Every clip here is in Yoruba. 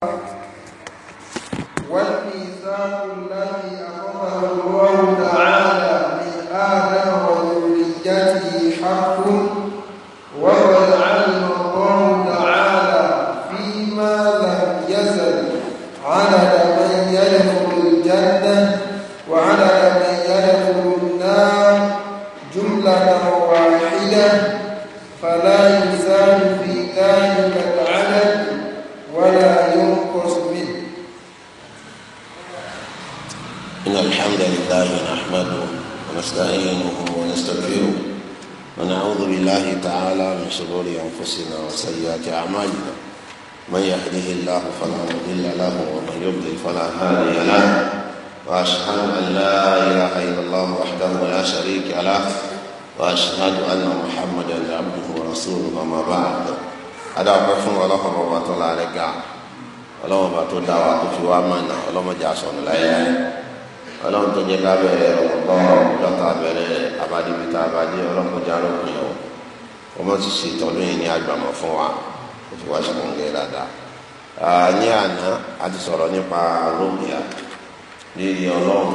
Thank you. ọlá rẹ̀ ga ọlọ́wọ́n bá tó dá wa kó fi wá mọ̀nà ọlọ́mọdé asọ̀nù láyéláyé ọlọ́run tó jẹ́ ká bẹ̀rẹ̀ ọ̀pọ̀ lọ́ta bẹ̀rẹ̀ abadibita abadé ọlọ́kọjá lókun yẹn o wọ́n ti ṣe ìtọ́jú yẹn ní agbàmọ̀ fún wa kó fi wá ṣùgbọ́n gẹ́ dáadáa ní àná a ti sọ̀rọ̀ nípa rómìà rírì ọlọ́run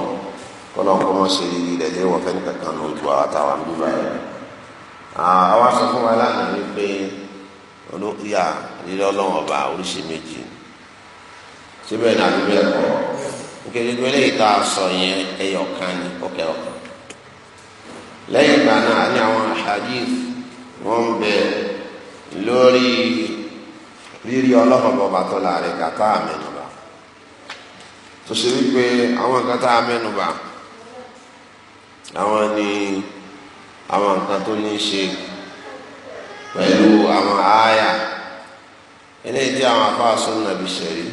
kọ́lọ́n kọ́ mọ́ ṣe rírì rẹ̀ léwọ̀ fẹ́ nìkankan lójú àwọn àtàwọn bíbá yẹn àwa sọ fún wa lánàá wípé olóyà lílọ lọ́wọ́ ọba oríṣi méjì síbẹ̀ náà ló bẹ̀ kọ́ nítorí pé lẹ́yìn tá a sọ yẹn ẹyọ kan ní ọkẹ́ ọ̀kan lẹ́yìn ìgbà náà ní àwọn hadith wọ́n ń bẹ lórí rírí ọlọ́mọbọ bàtọ́ láàrin kàtá àmẹnubà tó ṣe wípé àwọn kàtá àmẹnubà àwọn ni àwọn nǹkan tó ní í ṣe pẹ̀lú àwọn àáyà eléyìí tí àwọn afa sunna bí sẹ́rí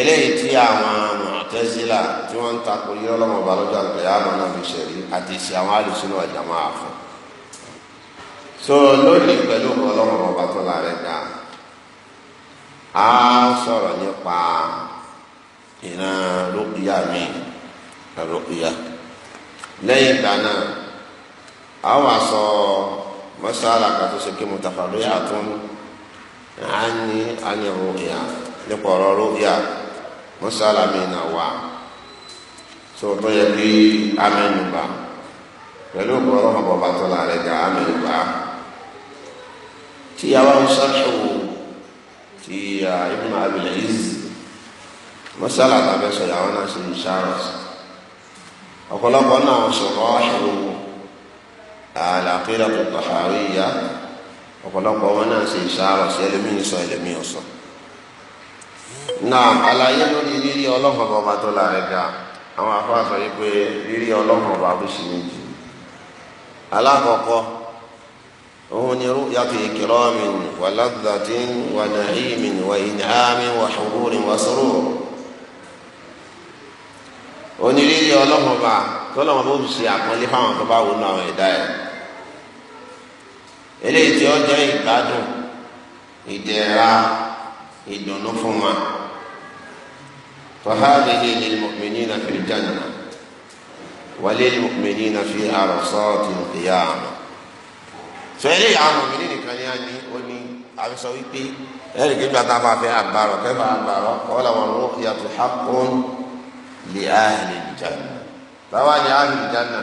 eléyìí tí àwọn Mu'tazila tí wọ́n ń takò yíyọ́ lọ́mọ balọ́jọ́ àgbẹ̀ yà máa náà bí sẹ́rí àti ìsì àwọn alùsùnà ọ̀jà máa fún so lónìí pẹ̀lú ọlọ́mọ ọba tó la rẹ̀ dá a sọ̀rọ̀ nípa ìran rúkìá mi rúkìá lẹ́yìn ìgbà náà a wà sọ tó ṣe kí mo tàfà lóyà tó anyị anyị ruya nípa ọ̀rọ̀ ya mọ́sálàmì na wà tó tó yẹ kí amẹnuba pẹ̀lú ga amẹnuba tí yàrá ń ṣàṣọwò tí ya abilẹ̀ yìí mọ́sálà tàbí sọ yàrá náà ṣe ń ṣàrọ̀ ọ̀pọ̀lọpọ̀ wọn náà ṣe ìṣàrọ̀ sí ẹlòmíì sọ ẹlòmíì ọsọ. náà àlàyé lórí rírí ọba tó ga àwọn afá yìí pé rírí ọlọ́run ọba bó ṣe méjì. alákọ̀ọ́kọ́ òun ni ru'yatu ikramin wa ladhatin wa na'imin wa in'amin wa hururin onírírí bó ṣe àpọ́nlé fáwọn tó bá ẹ̀dá ẹ̀ eléyìí tí ó jẹ́ ìgbádùn ìdẹ̀ra ìdùnnú fún wa fahadihi lilmu'minina fil janna wa lilmu'minina fi arsati qiyama sọ eléyìí àwọn mọ̀mìnì nìkan ní àní ó ní àfisọ wípé ẹ̀rì kí gbàtà máa fẹ́ àgbàrọ̀ kẹfà àgbàrọ̀ kọ́lá wọn ló yàtọ̀ haqqun li ahli janna táwa ni ahli janna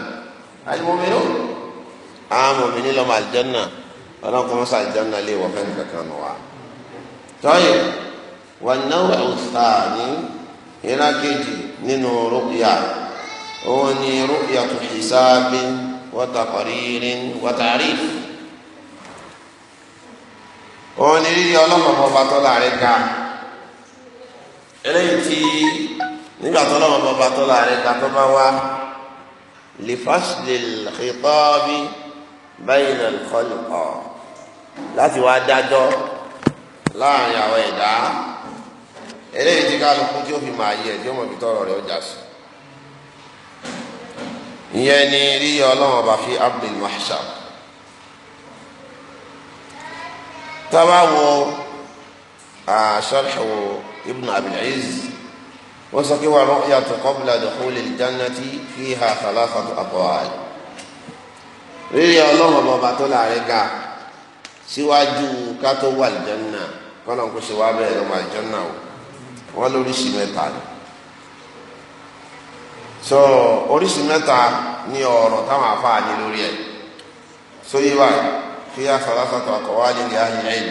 àti mọ̀mìnì àwọn mọ̀mìnì lọ́mọ àlìjánná ọlọ́run kọ́ mọ́sá àjẹ́nà lè wọ fẹ́ni kankan nù wa. tọ́yọ̀ wà náwó ẹ̀wùsà ní ìlà kejì nínú rúkìá òun ni rúkìá tó hisabi wọ́tà kọ̀rìírí wọ́tà rí. òun ni rírí ọlọ́run kọ́ bàtọ́ láàrin ká eléyìí tí nígbà tó lọ́wọ́ bàbá tó láàrin ká tó bá wá lè fásilè xitọ́ bí láti wá dájọ́ láàrin àwọn ẹ̀dá eléyìí tí kálukú tí ó fi máa yẹ tí ó mọ̀ ibi tọ́rọ̀ rẹ̀ ó jà sí. ìyẹn ni ríyọ ọlọ́run ọba fi abdul mahshab tábà wo sharhu ibn abil izz wọ́n sọ pé wà ru'yatu qabla dukhulil jannati fiha thalathatu aqwal ríyọ ọlọ́run ọba tó láàrin ga síwájú ká tó wà àlìjánná kọ́nà kó ṣe wá bẹ́ẹ̀ lọ́mọ àlìjánná o wọ́n lóríṣi mẹ́ta ni. sọ oríṣi mẹ́ta ni ọ̀rọ̀ táwọn afáà ní lórí ẹ̀ sóyè báyìí fi àfàlàfàtà àkọ́wá nílé ayé ẹ̀yìn.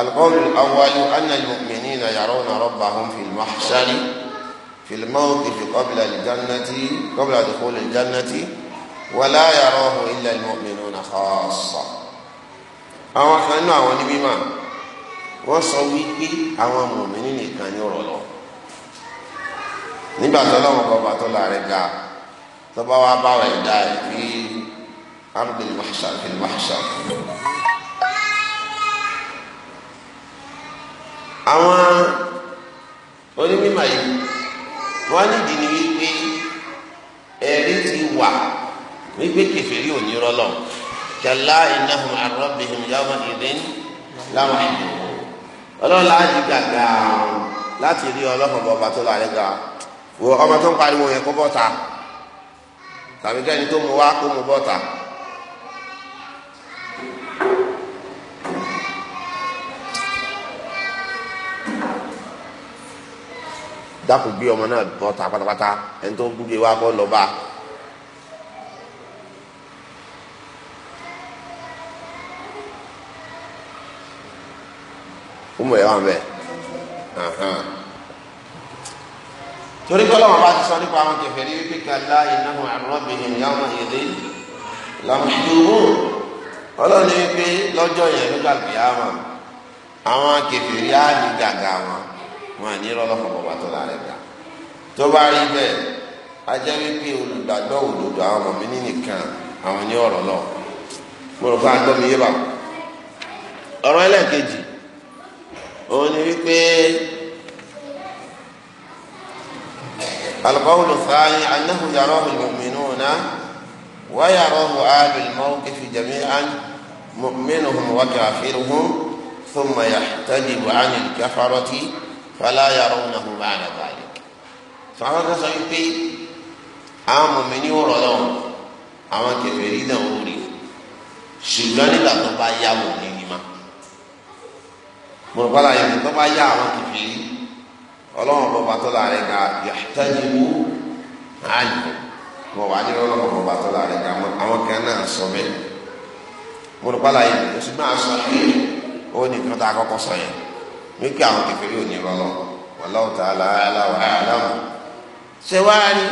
القول الأول أن المؤمنين يرون ربهم في المحشر في الموقف قبل الجنة قبل دخول الجنة ولا يراه إلا المؤمنون خاصة àwọn kan náà àwọn níbí mà wọ́n sọ wípé àwọn mùmíní nìkan ní ọ̀rọ̀ lọ nígbà tó lọ́wọ́ kan bàtọ láàrin ga tó bá wá bá wàá dá ẹ fi arúgbìn mahshar fi mahshar. àwọn onímọ̀ yìí wọ́n nídìí ni wípé ẹ̀rí ti wà wípé kèfèrí ò ní rọ́lọ́ kẹlá innahum an rabbihim yawma idhin láwọn ìdìbò ọlọ́run láàyè gàgà láti rí ọlọ́run bọ̀ bàtọ́ láàyè gà wọ ọmọ tó ń pariwo yẹn kó bọ́ta tàbí kẹ́ni tó mu wá kó mu bọ́ta. dákun gbé ọmọ náà bọ́ta pátápátá ẹni tó gbúgbé wa kọ́ lọ́ba. ọmọ ẹ̀ wà ń bẹ̀ torí pé ọlọ́run bá ti sọ nípa àwọn kèfèrí wípé kàlá ìnáwó àrùnrọ́bìnrin yàwó ìdè làmùdúró ọlọ́run wípé lọ́jọ́ yẹn nígbà kìyàmà àwọn kèfèrí á ní gàgà wọn wọn àní rọlọ́kọ̀ bọ̀bá tó lára ẹ̀ gbà tó bá rí bẹ́ẹ̀ ajẹ́ wípé olùgbàgbọ́ òdodo àwọn ọmọ mi ní nìkan àwọn ní ọ̀rọ̀ lọ mo rò pé agbọ́mi yé bá ọ̀rọ̀ ẹlẹ́ẹ̀kejì òun ni wípé alqawlu thani annahu yarahu almu'minuna wa yarahu ahlul mawqifi jami'an mu'minuhum wa kafiruhum thumma yahtadibu 'ani al-kafarati fala yarawnahu ba'da dhalik. sọ̀rọ̀ kan sọ wípé àwọn mọ̀mìnì wọ̀rọ̀ lọ́wọ́ àwọn kèfèrí náà wò ṣùgbọ́n nígbà tó bá yá wò ní mọ̀lùkọ́lá yẹn tó bá yá àwọn kìfì ọlọ́run bọ̀bá tó láàrin ga yàtàjìmú àjò wọ́n wà ní ọlọ́run bọ̀bá tó láàrin ga àwọn kan náà sọ bẹ́ẹ̀ mọ̀lùkọ́lá yẹn kò sì máa sọ pé ó ní kí wọ́n ta kọ́kọ́ sọ yẹn wípé àwọn kìfì yóò ní lọ́lọ́ wallahu ta'ala aláwọ̀ aláwọ̀ ṣé wàá rí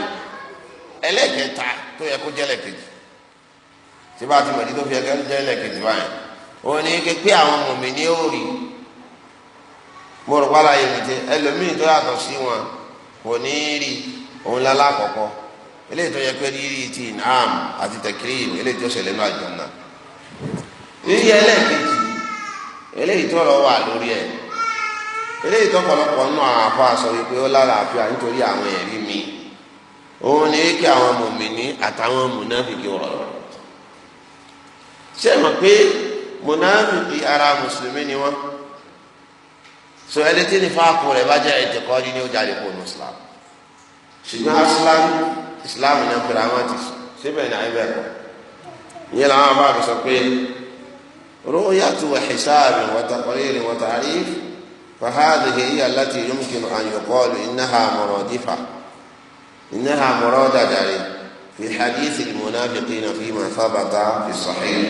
ẹlẹ́kẹta tó yẹ kó jẹ́lẹ̀ kejì tí bá ti mọ̀ ní tó fi ẹgbẹ́ mo rò pàlà yìí nìjẹ ẹlòmíì tó yàtọ̀ sí wọn kò ní rí òun lálá àkọ́kọ́ eléyìí tó yẹ pé rírí ti naam àti tẹkírìm eléyìí tó ṣẹlẹ̀ náà jọ náà rírí ẹlẹ́ẹ̀kejì eléyìí tó lọ wà lórí ẹ̀ eléyìí tó pọ̀lọpọ̀ nù àfọ àṣọ wípé ó lára àfíà nítorí àwọn ẹ̀rí mi òun ni kí àwọn mòmìnì àtàwọn mùnáfìkì rọrọ ṣé ẹ mọ̀ pé mùnáfìkì ara mùsùlùmí ni wọ́n so ẹni tí ní fáàkù rẹ̀ bá jẹ́ ẹ̀tẹ̀kọ́rí ní ó jáde kó nu islam ṣùgbọ́n islam islam ní ọ̀pẹ̀rẹ̀ àwọn ti síbẹ̀ ní ayé bẹ́ẹ̀ kọ́ ìyẹn làwọn bá mi sọ pé rúyàtú wà xisaabi wàtà kọ́rìrì wàtà àríf fàhádìhì ìyá láti yumkin ànyọkọ́lù ináhà mọ̀rọ̀ dífà ináhà mọ̀rọ̀ dàdàrí fi xadìsì ìmúnáfìqìnà fi mà sábàtà fi sàxìí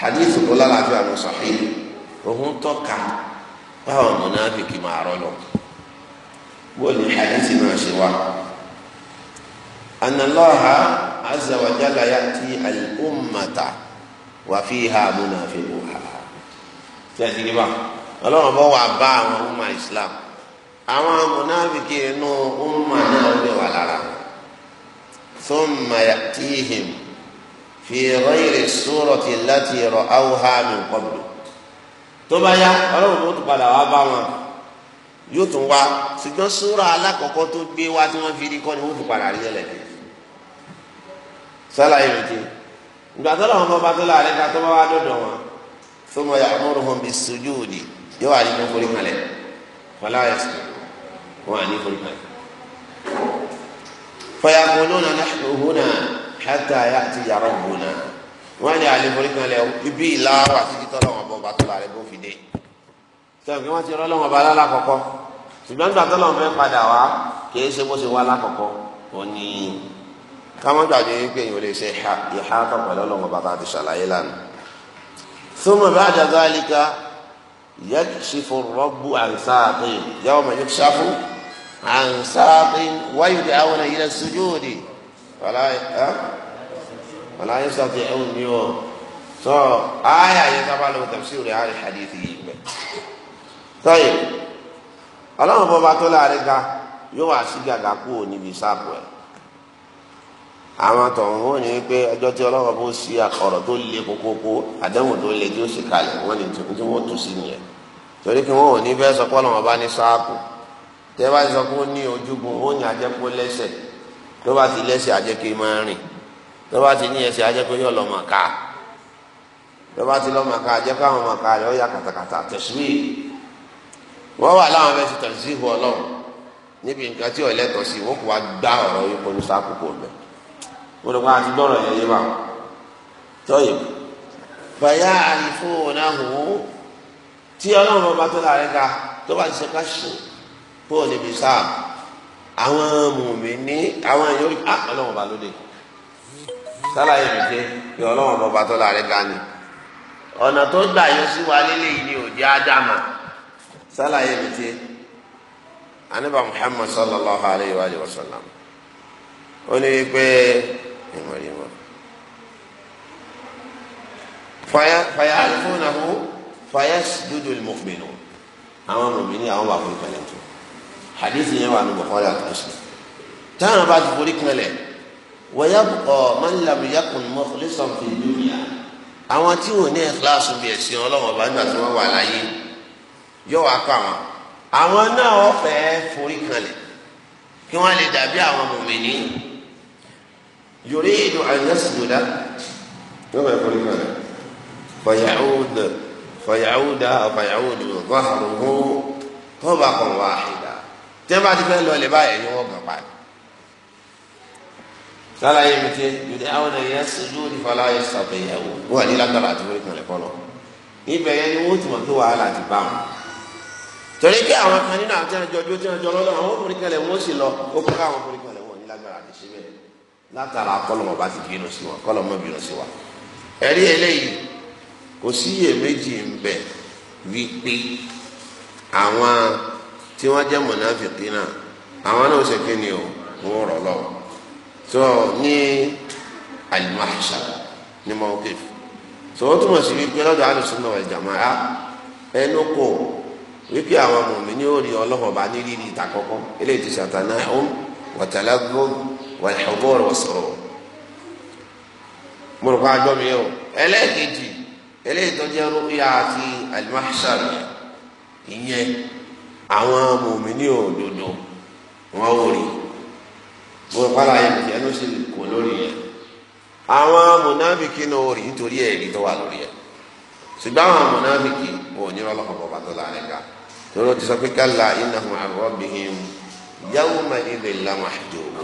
xadìsì kúlálàfíà mi sàxìí òhun tó báwọn mọ̀nàfíkì máa rọ́ lọ. wọ́n ní hadithi náà ṣe wá. anallaha azza wa jalla ya'ti al-ummata wa fiha munafiquha. tẹ́sí ni bá ọlọ́run bọ́ wà bá àwọn ọmọ islam àwọn mọ̀nàfíkì inú ọmọ náà lè wà lára. thumma ya'tihim fi ghayri surati allati ra'awha min qablu tó bá yá ọlọ́run tó tún padà wá bá wọn yóò tún wá ṣùgbọ́n súra alákọ̀ọ́kọ́ tó gbé wá tí wọ́n fi rí kọ́ ni wọ́n tún padà rí ẹlẹ́ sálàyé mi ti ìgbà tó làwọn ọba tó láàrin ká tó bá wá dọ̀dọ̀ wọn tó mọ̀ ya'muruhum bis-sujudi yóò wá ní kó forí kalẹ̀ wọlé àyẹ̀sì wọn à ní forí kalẹ̀. fa yaquluna nahnu huna hatta ya'tiya rabbuna wọ́n á ní alẹ́ forí kan ibi ìlà wà títí tọ́lọ̀ wọn bọ̀ bá tọ́lọ̀ rẹ̀ bó fi dé sọ̀rọ̀ kí wọ́n ti rọ́lọ́ wọn bá lálákọ̀ọ́kọ́ ṣùgbọ́n gbà tọ́lọ̀ fẹ́ padà wá kì í ṣe bó ṣe wá lákọ̀ọ́kọ́ ó ní káwọn gbàgbé pé èèyàn lè ṣe ìhá tọ̀pọ̀ lọ́lọ́wọ́n bá ta ti ṣàlàyé lánàá ثم بعد ذلك يكشف الرب عن ساق يوم يكشف عن ساق ويدعون إلى السجود فلا أه؟ wàlá يستطيعون يو، ẹ̀hún آية ọ له تفسير ayé sábà طيب، tafsir rẹ̀ ayé hadith yìí bẹ̀. tọ́yì ọlọ́run bọba tó láàrin ga yóò wá sí gàgà kú ò níbi sáàpù ẹ̀ àwọn tọ̀hún wọn ni pé ẹjọ́ tí ọlọ́run bó sí ọ̀rọ̀ tó le kókókó àdéhùn tó le tí ó sì kalẹ̀ wọ́n ni tí wọ́n tún sí nìyẹn torí kí wọn ò ní fẹ́ sọ pé ọlọ́run bá ní sáàpù tẹ́ bá ti sọ pé ó ní ojúgun ó ní ajẹ́pọ̀ lẹ́sẹ̀ tó bá ti lẹ́sẹ̀ ajẹ́kẹ́ máa rìn lọ́ba ti ní ẹsẹ̀ ajẹ́ pé yọ lọ́ mọ̀ ká lọ́ba ti lọ́ mọ̀ ká ajẹ́ pé àwọn mọ̀ ká rẹ̀ ó yà kàtàkàtà tẹ̀síwì wọ́n wà láwọn fẹ́ ti tẹ̀síwì ọlọ́run níbi nǹkan tí ọ̀lẹ́ tọ̀ sí wọ́n kò wá gbá ọ̀rọ̀ yìí kọ́ ní sákòókò rẹ̀ wọ́n lọ́ba ti gbọ́rọ̀ yẹn yé wa tọ́yìn bàyá àìfóònà hù tí ọlọ́run ọba tó láàrin ká tó ti ṣe ṣù pọ́ọ̀lì bíi sáà àwọn mùmí ní àwọn èèyàn ah, ọlọ́run ọba lóde kù sálàyé mi jẹ́ kí ọlọ́run ọba tó láre ga ni ọ̀nà tó gbà yọ sí wa lélẹ̀ yìí ni òjì ádámà sálàyé mi jẹ́ anábà Muhammad sallallahu alayhi wa sallam ó ní wípé ìmọ̀ ìmọ̀ fayalifunahu fayasjudu almu'minu àwọn mọ̀mìnì àwọn wà fún ìpẹlẹ tó hadith yẹn wà ní Bukhari àti Muslim táwọn bá ti forí kanlẹ̀ wọ́yàbùkọ́ mọ́nìlàmù yakùn mukhlisan fi dunya àwọn tí wọ́n ní ẹ̀kíláàsì bí ẹ̀sìn ọlọ́wọ́n bá nígbà tí wọ́n wà láyé yóò wá kọ́ àwọn àwọn náà wọ́n fẹ́ẹ́ forí kanlẹ̀ kí wọ́n lè dàbí àwọn mùmìnì yuridu an yasjuda yóò fẹ́ẹ́ forí kanlẹ̀ fayahud fayahuda fayahud zahruhu tawbatan wahida tẹ́ bá ti fẹ́ lọ lè báyìí sálà yẹ mi tẹ yòdì àwọn ẹ̀yẹ sojú ní fọlá yẹ sàbẹ̀ yẹ wò wọ́n ní lágbára àti wọ́n ìkànnì kọ́lọ́ ibẹ̀ yẹn ni wọ́n ti mọ̀ pé wàhálà ti bá wọn. torí pé àwọn kan nínú àti àjọ tó ti àjọ lọ́dọ̀ àwọn ọkùnrin kẹlẹ̀ wọ́n sì lọ ó kọ́ káwọn ọkùnrin kẹlẹ̀ wọ́n ní lágbára àti síbẹ̀ látara kọ́lọ́mọ bá ti bínú sí wa kọ́lọ́mọ bínú sí wa. ẹ̀rí eléyìí kò síyèméjì ń bẹ wípé àwọn tí wọ́n jẹ́ mọ̀nàfìkì náà àwọn náà ó ṣe kí ni o wọ́n rọ̀ lọ́wọ́ tó ní alimahsa ní mawqif tó o túmọ̀ sí wípé lọ́dọ̀ alùsùn náà jàmáà ẹnu kò wípé àwọn mọ̀mí ní orí ọlọ́mọba ní rírì ìtàkọ́kọ́ eléyìí ti sàtànà ọ̀hún wàtàlágbọ́n wàlẹ́hàbọ́ọ̀rọ̀ wọ̀sọ̀rọ̀ mo rò pa àjọ mi o ẹlẹ́ẹ̀kejì eléyìí tó jẹ́ rúkìá àti alimahsar ìyẹn àwọn mọ̀mí ní òdodo wọn ò rí i mo rò pàlà yẹn kìí ẹnu sì kò lórí yẹn àwọn mọ̀nàfíkì náà ò rí nítorí ẹ̀rí tó wà lórí yẹn ṣùgbọ́n àwọn mọ̀nàfíkì ò ní ọlọ́kọ̀ bọ̀ bàtọ́ láàrin ká tóró ti sọ pé kálá innahum an rabbihim yawma idhin lamahjubun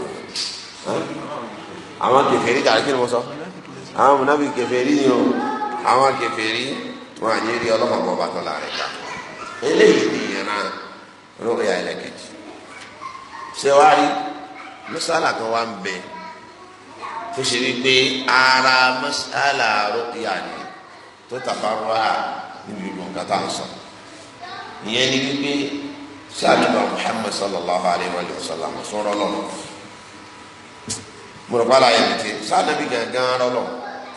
àwọn kèfèrí dàrí kí ni mo sọ àwọn mọ̀nàfíkì kèfèrí ni o àwọn kèfèrí wọn à ní rí ọlọ́kọ̀ bọ̀ bàtọ́ láàrin ká mọ́sálà kan wá ń bẹ tó ṣe wípé ara mọ́sálà rọ́kìá ni tó tàbárọ́ à níbi ìlú nǹkan tá à ń sọ ìyẹn ni wípé sáàdùbà Muhammad sallallahu alayhi wa sallam sọ̀rọ̀ lọ́nà mùrùpàlà yẹn ti sáàdùbì gangan rọ́lọ́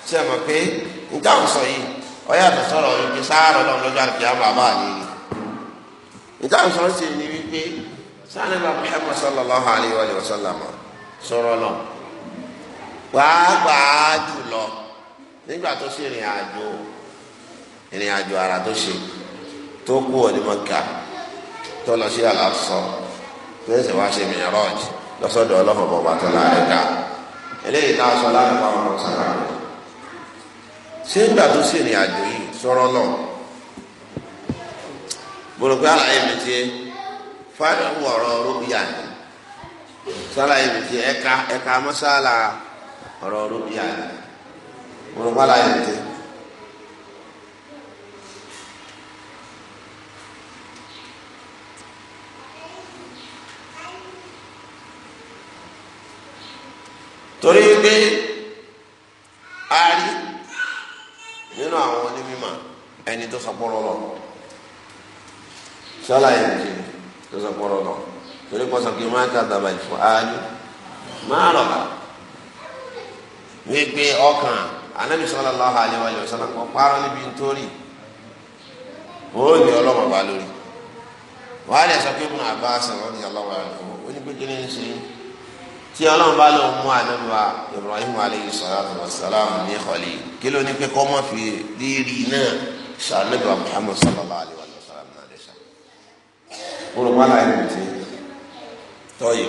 sí ẹ̀ mọ̀ pé níta ń sọ yìí ọ̀yà tó sọ̀rọ̀ yìí pé sáàrọ̀ lọ́nà lọ́jọ́ àti àbọ̀ yìí níta ń sọ sí ni wípé sani bá Muhammad sallallahu alayhi wa sallam sọ̀rọ̀ lọ pàápàá jùlọ nígbà tó ṣe ìrìn àjò ìrìn àjò ara tó ṣe tó kú ọdún mọ́kà tó lọ sí àlàsọ tó ṣe wá ṣe mìíràn lọ́sọ̀dọ̀ ọlọ́mọ bọ̀bá tó láàrin ká eléyìí náà sọ láti pa ọmọ sára rẹ̀ ṣé nígbà tó ṣe ìrìn àjò yìí sọ̀rọ̀ lọ mo pé àlàyé mi ti yé fáwọn ọ̀rọ̀ rúbíà ni sálàyé mi ti ẹ̀ka ẹ̀ka mọ́sálà ọ̀rọ̀ rúbíà ni mo rò bálàyé mi ti. torí pé a rí nínú àwọn onímọ̀ ẹni tó sọ pọ́nrọ́ lọ sálàyé mi ti tó sọ pọrọ lọ torí kọ sọ pé má kàdàbà ìfọ ààyè má rọ bá wípé ọkàn anabi sallallahu alaihi wasallam kọ parọ níbi nítorí ó ní ọlọmọ bá lórí wàá lè sọ pé ibùn Abbas radiyallahu anhu ó ní pé kí ni ń ṣe tí ọlọ́run bá lọ mú ànábà ibrahim aleyhi salatu wa salam ní ìkọlẹ̀ kí ló ní pé kọ́ mọ́ fi rírì náà ṣàlùbà muhammad sallallahu alayhi wa olùpàlà ìlú ti tọ́yì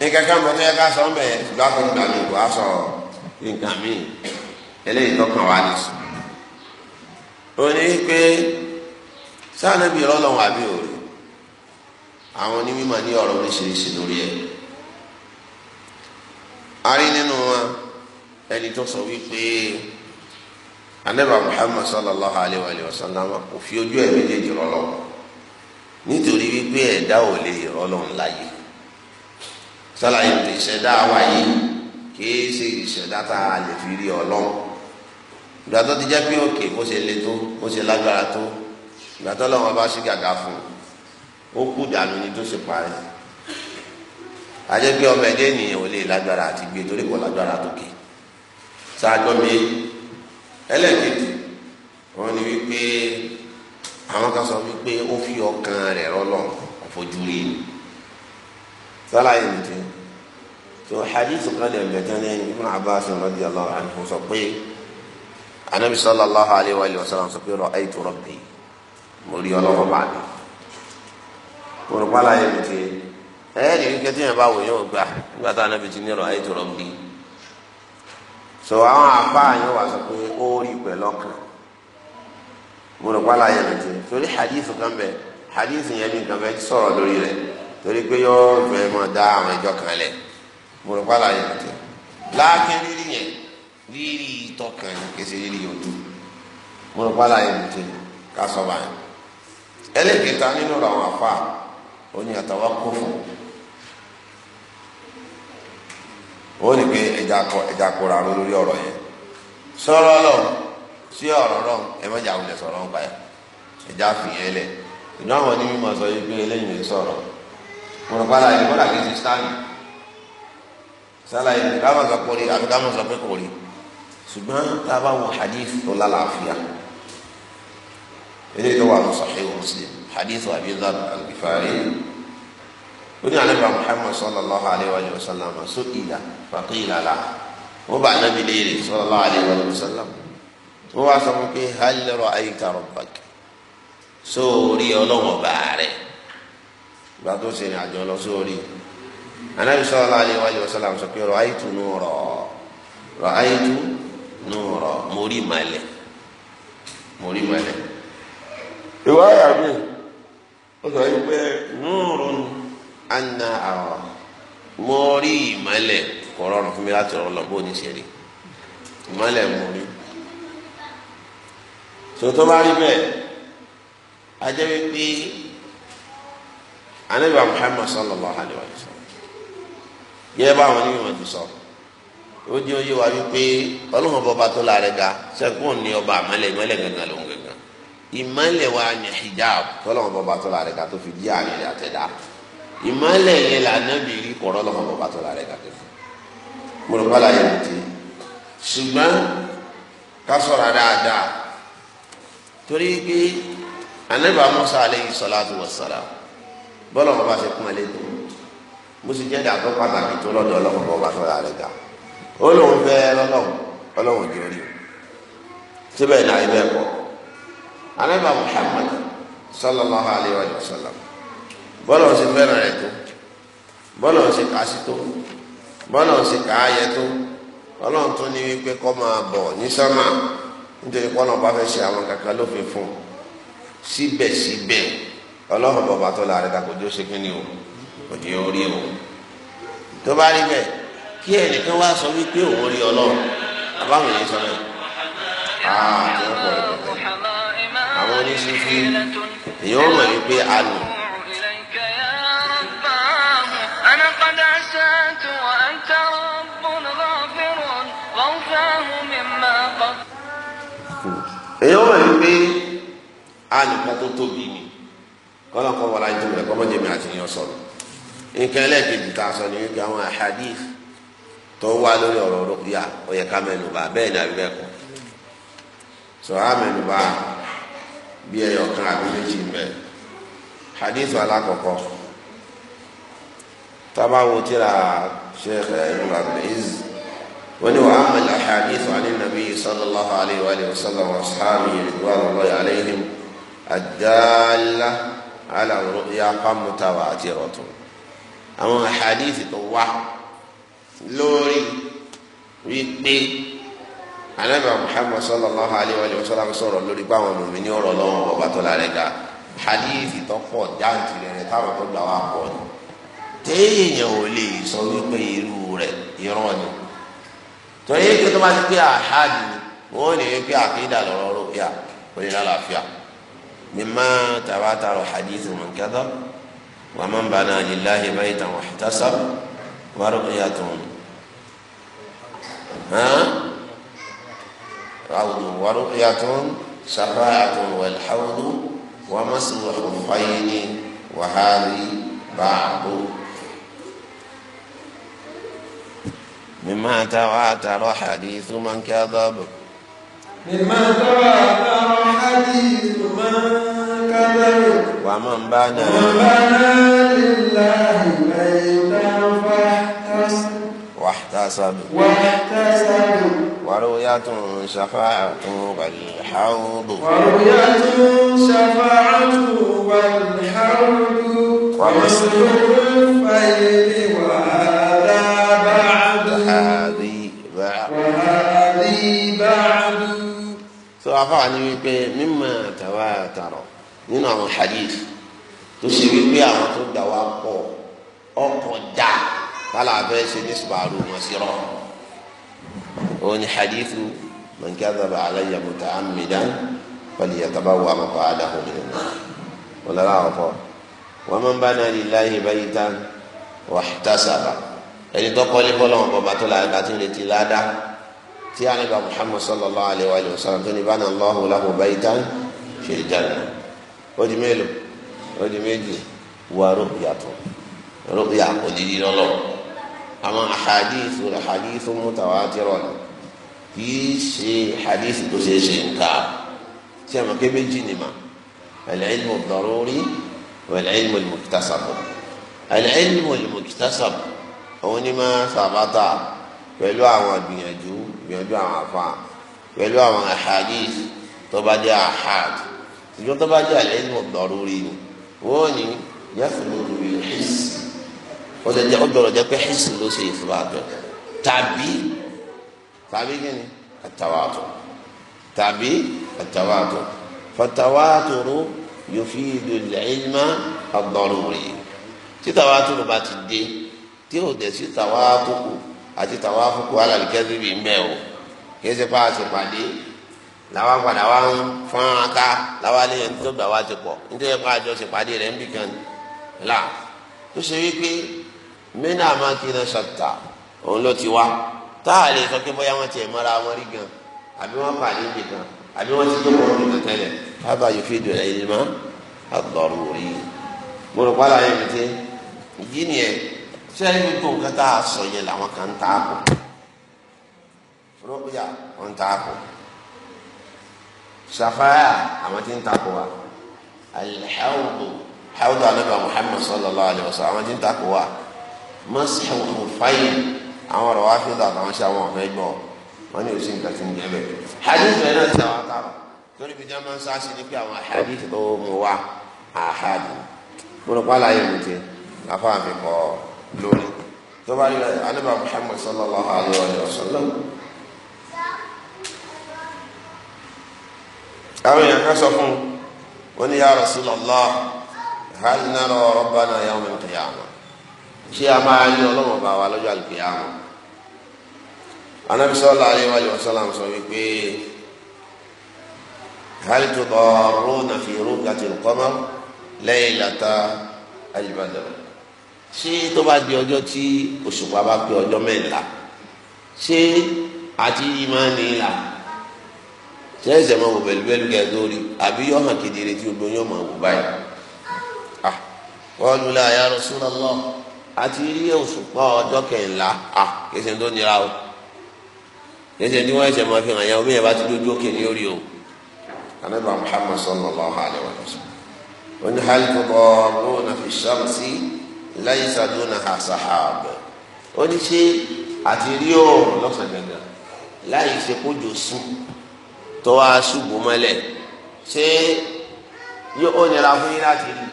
nǹkan kan mọ̀ tó yẹ ká sọ ọ́n bẹ̀ yẹn ṣùgbọ́n àtọ́ nígbà mi o á sọ nǹkan mi eléyìí tọkàn wá ní sùn. ó ní pé sáànà bíi ọlọ́run àbí òòrè àwọn onímọ̀ ní ọ̀rọ̀ oríṣiríṣi lórí ẹ̀. a rí nínú wọn ẹni tó sọ wípé anaba muhammad sallallahu alayhi wa sallam kò fi ojú ẹ méjèèjì rọlọ nítorí wípé ẹ̀dá ò lè rọlọ láyé sálàyé ìṣẹ̀dá wa yìí kìí ṣe ìṣẹ̀dá tá a lè fi rí Ọlọ́run ìgbà tó ti jẹ́ pé òkè bó ṣe le tó bó ṣe lágbára tó ìgbà tó lọ́wọ́ bá ṣe gàgà fún un ó kú dànù ni tó ṣe parí àjẹpẹ́ ọmọ ẹ̀dẹ́ ènìyàn ò lè lágbára àti gbé torí kò lágbára tó kè sáájọ́ mi ẹlẹ́ẹ̀kejì wọ́n ní wípé àwọn kan sọ wípé ó fi ọkàn rẹ̀ rọ́lọ́ ọ̀fojúrí sálàyé nìkan tó hadith kan lè bẹ̀tẹ̀ ní ibn abbas radiyallahu anhu sọ pé anabi sallallahu alayhi wa sallam sọ pé ra'aytu rabbi mo rí ọlọ́wọ́ bá mi mo rò pálá yẹn nìkan ẹ̀ẹ́dì wípé tí yẹn bá wò yẹn nígbà tá anabi ti ní ra'aytu rabbi so àwọn apá yẹn wà sọ pé ó rí pẹ̀lú ọkàn mo rò pálá yẹn lè jẹ torí hadith kan bẹ hadith yẹn mi kan bẹ sọ̀rọ̀ lórí rẹ̀ torí pé yóò fẹ́ mọ dá àwọn ẹjọ́ kan lẹ̀ mo rò pálá yẹn lè jẹ láàkín rírì yẹn rírì tọkàn kẹsẹ̀ rírì ojú mo rò pálá yẹn lè jẹ ká báyìí ẹlẹ́kẹta nínú àwọn afá oní àtàwọn kó fún un. ó ní pé ẹja kọ ẹja kóra ló lórí ọ̀rọ̀ yẹn sọ̀rọ̀ lọ́hùn sí ọ̀rọ̀ lọ́hùn ẹ mọ̀jà wulẹ̀ sọ̀rọ̀ ń pa ẹ̀ ẹja fìyẹn lẹ̀ ìjọ àwọn onímọ̀ sọ yìí pé eléyìí sọ̀rọ̀ mọ̀nàpàlà yìí kọ́dà kì í ti sáàmì sálàyé káwọn sọ pé àbí káwọn sọ pé kò ṣùgbọ́n tá a bá wọ hadith tó lálàáfíà eléyìí tó wà ní Sahih Muslim hadith Abi Dharr al-Ghifari oní alábà muhammad sallallahu alayhi wa sallam so ìlà fàkì ìlà la wọ́n bá anábì léèrè sallallahu alayhi wa sallam wọ́n wá sọ fún pé hal ra'ayta rabbak sóòrí ọlọ́wọ́n bá rẹ̀ ìgbà tó ṣe ní àjọ lọ sóòrí anábì sallallahu alayhi wa sallam sọ pé ra'aytu nura ra'aytu nura mórí malẹ̀ mórí malẹ̀ ìwà àyàgbé ó sọ yìí pé nùrù nù anna àrọ ah, mo rí ìmọ̀lẹ̀ kò rọrùn fún mi láti rọ lọ́n bó ní ṣe rí ìmọ̀lẹ̀ mo rí tòótọ́ bá rí bẹ́ẹ̀ ajẹ́ wípé anabi muhammad sallallahu alayhi wa sallam yẹ báwọn onímọ̀ ti sọ ó jẹ́ oyé wa wípé ọlọ́run bọba tó la rẹ̀ ga sẹ́kùn ní ọba àmọ́lẹ̀ ìmọ́lẹ̀ gangan lòun gangan ìmọ́lẹ̀ wa ni hijab tọ́lọ́run bọba tó la rẹ̀ ga tó fi di àyẹ̀lẹ̀ àtẹ̀dá ìmọ̀lẹ̀ yẹn là nábì rí kọ̀rọ̀ lọ́mọ bàbá tó la rẹ̀ kàkẹ́ fún mo lọ bala yẹn ti ṣùgbọ́n ká sọ̀rọ̀ dáadáa torí pé anábà Musa aleyhi salatu wa salam bọ́lá wọn bá ṣe kún ẹlẹ́ tó mo sì jẹ́ dàtọ́ pàtàkì tó lọ́dọ̀ ọlọ́mọ bàbá tó la rẹ̀ kà ó lóun fẹ́ lọ́lọ́wọ́ ọlọ́wọ́ jẹ́ orí síbẹ̀ náà ibẹ̀ kọ́ anábà Muhammad sallallahu alayhi wa sallam bọ́lá ọ̀sẹ̀ fẹ́ràn rẹ̀ tó bọ́lá ọ̀sẹ̀ kà sí tó bọ́lá ọ̀sẹ̀ kà á yẹ tó ọlọ́run tó ní wípé kọ́ máa bọ̀ ní sámà nítorí pé ọlọ́run bá fẹ́ ṣe àwọn kankan lófin fún un síbẹ̀síbẹ̀ ọlọ́run bọ̀bà tó la rẹ̀ ta kò jó ṣe kí ni o kò jẹ́ orí o tó bá rí bẹ́ẹ̀ kí ẹnìkan wá sọ wípé òun rí ọlọ́run àbáwọn èèyàn sọ náà àà ah, tí wọ́n pọ̀ rẹ̀ pẹ̀lẹ́ àwọn oníṣífì èèyàn mọ̀ wípé alò àánú kan tó tóbi ni kọ́lọ́ kọ́ wọlé ayé tó wọlé kọ́ mọ́jẹ́mi àti yan sọ̀rọ̀ nǹkan ẹlẹ́ẹ̀kejì tá a sọ ni wípé àwọn ahadith tó wá lórí ọ̀rọ̀ rúkúyà ó yẹ ká mẹ́nu bá bẹ́ẹ̀ ni àbí bẹ́ẹ̀ kọ́ sọ̀rọ̀ á mẹ́nu bá bí ẹyọ kan àbí méjì ń bẹ hadith alákọ̀ọ́kọ́ tábàwò tíra sheikh ibn abdulaziz wọ́n ní wàá hadith wa nabi sallallahu alayhi wa sallam wa sàmì ìdúrà lọ́yà alayhim àdáálá aláwòrán ìyá pàmùtàwà àti ìrọ̀tún àwọn àhàdíìsì tó wá lórí wípé anabi muhammad sallallahu alayhi wa sallam sọ̀rọ̀ lórí pé àwọn mùmí ní ọ̀rọ̀ lọ́wọ́ ọba tó lára ga àhàdíìsì tó pọ̀ jáǹtì rẹ̀ táwọn tó gbà wá pọ̀ ni téèyàn ò lè sọ wípé irú rẹ̀ irọ́ ni tọ́yẹ́ kí tó bá ti pé àhàdì ni wọ́n ní wípé àkídà lọ́rọ́ rò pé onílàlàáfíà. مما تواتر حديث من كذب ومن بنى لله بيتا واحتسب ورقية ها روض ورقية سراعة والحوض ومسح الخيل وهذه بعض مما تواتر حديث من كذب مما تواتر حديث من كذب ومن بنى لله بيتا فاحتسب واحتسب واحتسب ورؤية شفاعة والحوض ورؤية شفاعة والحوض ومسلك الفيل وآل afáwa ni wípé mímọ tàwa tààrọ nínú àwọn hadith tó ṣe wípé àwọn tó gbà wá pọ̀ ọkọ̀ dá kálàfẹ́ ṣe ní subaru wọn sí rọ òun ni hadithu man kadhaba alayya muta'ammidan falyatabawwa maq'adahu minan nar wọn lára àwọn wọn máa ń bá náà lillahi baytan wahtasaba ẹni tó kọ́lé bọ́lá wọn bọ̀ bàtọ́ làdá tó lè ti ládàá tí anabi muhammad sallallahu alayhi wa sallam tó ní bá náà lọ́hùn lọ́hùn báyìí tán fil janna ó di mélòó ó di méjì wà rúbìyàtọ̀ rúbìyà òdìdí lọ́lọ́ àwọn àhàdìsù rẹ̀ àhàdìsù mutawatirọ̀ kìí ṣe àhàdìsù tó ṣe ṣe nǹkan tí a mọ̀ pé méjì ni mà al-ilmu ad-daruri wal-ilmu al-muktasab al-ilmu al òun ni máa sábàtà pẹ̀lú àwọn àgbìyànjú ìgbìyànjú àwọn afa pẹ̀lú àwọn ahadith tó bá jẹ́ ahad ìjọ tó bá jẹ́ àlẹ́ nù daruri ni wọ́n ní yàtúndò lórí hiss ó lè jẹ́ ọjọ́ rẹ̀ jẹ́ pé hiss ló ṣe ìfúbàtọ̀ tàbí tàbí kí ni at-tawatur tàbí at-tawatur fa-tawaturu yufidu al-ilma ad-daruri tí tàwátùrù bá ti dé tí ò dẹ̀ sí tàwátùrù àti tàwọn afọkù alàlùkẹ́bí bì ń bẹ̀ o kì í ṣe pa àṣepàdé làwọn padà wá ń fọ́n aká làwọn alẹ́yìn tó gbà wá ti pọ̀ nítorí pa àjọ ṣèpàdé rẹ̀ ń bì kan là tó ṣe wípé mẹ́nà àmàkínà ṣàtà òun ló ti wá tá a lè sọ pé bóyá wọ́n tiẹ̀ mọ́ra wọn rí gan àbí wọ́n pàdé bì kan àbí wọ́n ti tó kọ́ ọ́n nìkan tẹ́lẹ̀ bàbá yóò fi dùn ẹ̀yìn mọ́ àgbọ̀rù rí mo rò pálá yẹn mi ti yí nìyẹn ṣé ẹni tó nǹkan tá a sọ yẹn làwọn kan ń ta kù rọ́bìyà wọ́n ń ta kù sàfáyà àwọn tí ń ta kù wa alḥawdu hawdu anabi muhammad sallallahu alayhi wa sallam àwọn tí ń ta kù wa masiḥu fayi àwọn ọ̀rọ̀ wa fi dà àwọn ṣe àwọn ọ̀fẹ́ gbọ́ wọn ni òsì nǹkan ti ń jẹ bẹ́ẹ̀ hadith bẹ́ẹ̀ náà ti àwọn àtàrà torí bí jẹ́ máa sí ni pé àwọn hadith tó mú wa àhàdì mo rò mi ti àfáà mi kọ́ ọ lórí tó bá nílẹ̀ anábà Muhammad sallallahu alayhi wa sallam. àwọn èèyàn kan sọ fún wọn ní ya Rasulullah hal nara rabbana yawm al-qiyamah ṣé a máa ní ọlọ́wọ́n bá wa lọ́jọ́ al-qiyamah anabi sallallahu alayhi wa sallam sọ wípé hal tudarruna fi ru'yati al-qamar laylata al-badr ṣé tó bá di ọjọ́ tí òṣùpá bá pé ọjọ́ mẹ́ta ṣé àti ìmọ̀ ní ìlà ṣé ẹ̀sẹ̀ máa wò bẹ̀lúbẹ̀lú kẹ́ ẹ tó rí àbí yọ hàn kedere tí gbogbo yóò máa wò báyìí. wọ́n lulẹ̀ àyà Rasulullah àti rí òṣùpá ọjọ́ kẹ̀ńlá kéṣe tó nira o kéṣe tí wọ́n ẹ̀sẹ̀ máa fi hàn yẹn omi yẹn bá ti dójú òkè ní orí o. anábà Muhammad sallallahu alayhi wa sallam. oní hali tó bọ̀ ọ́ láyé sàdúnà àṣàhàbẹ ó ní ṣe àti rí ọ̀rọ̀ lọ́sàn gangan láyé ṣe kójó sùn tó wá ṣubú mọ́lẹ̀ ṣé yóò ó nira fún yín láti rí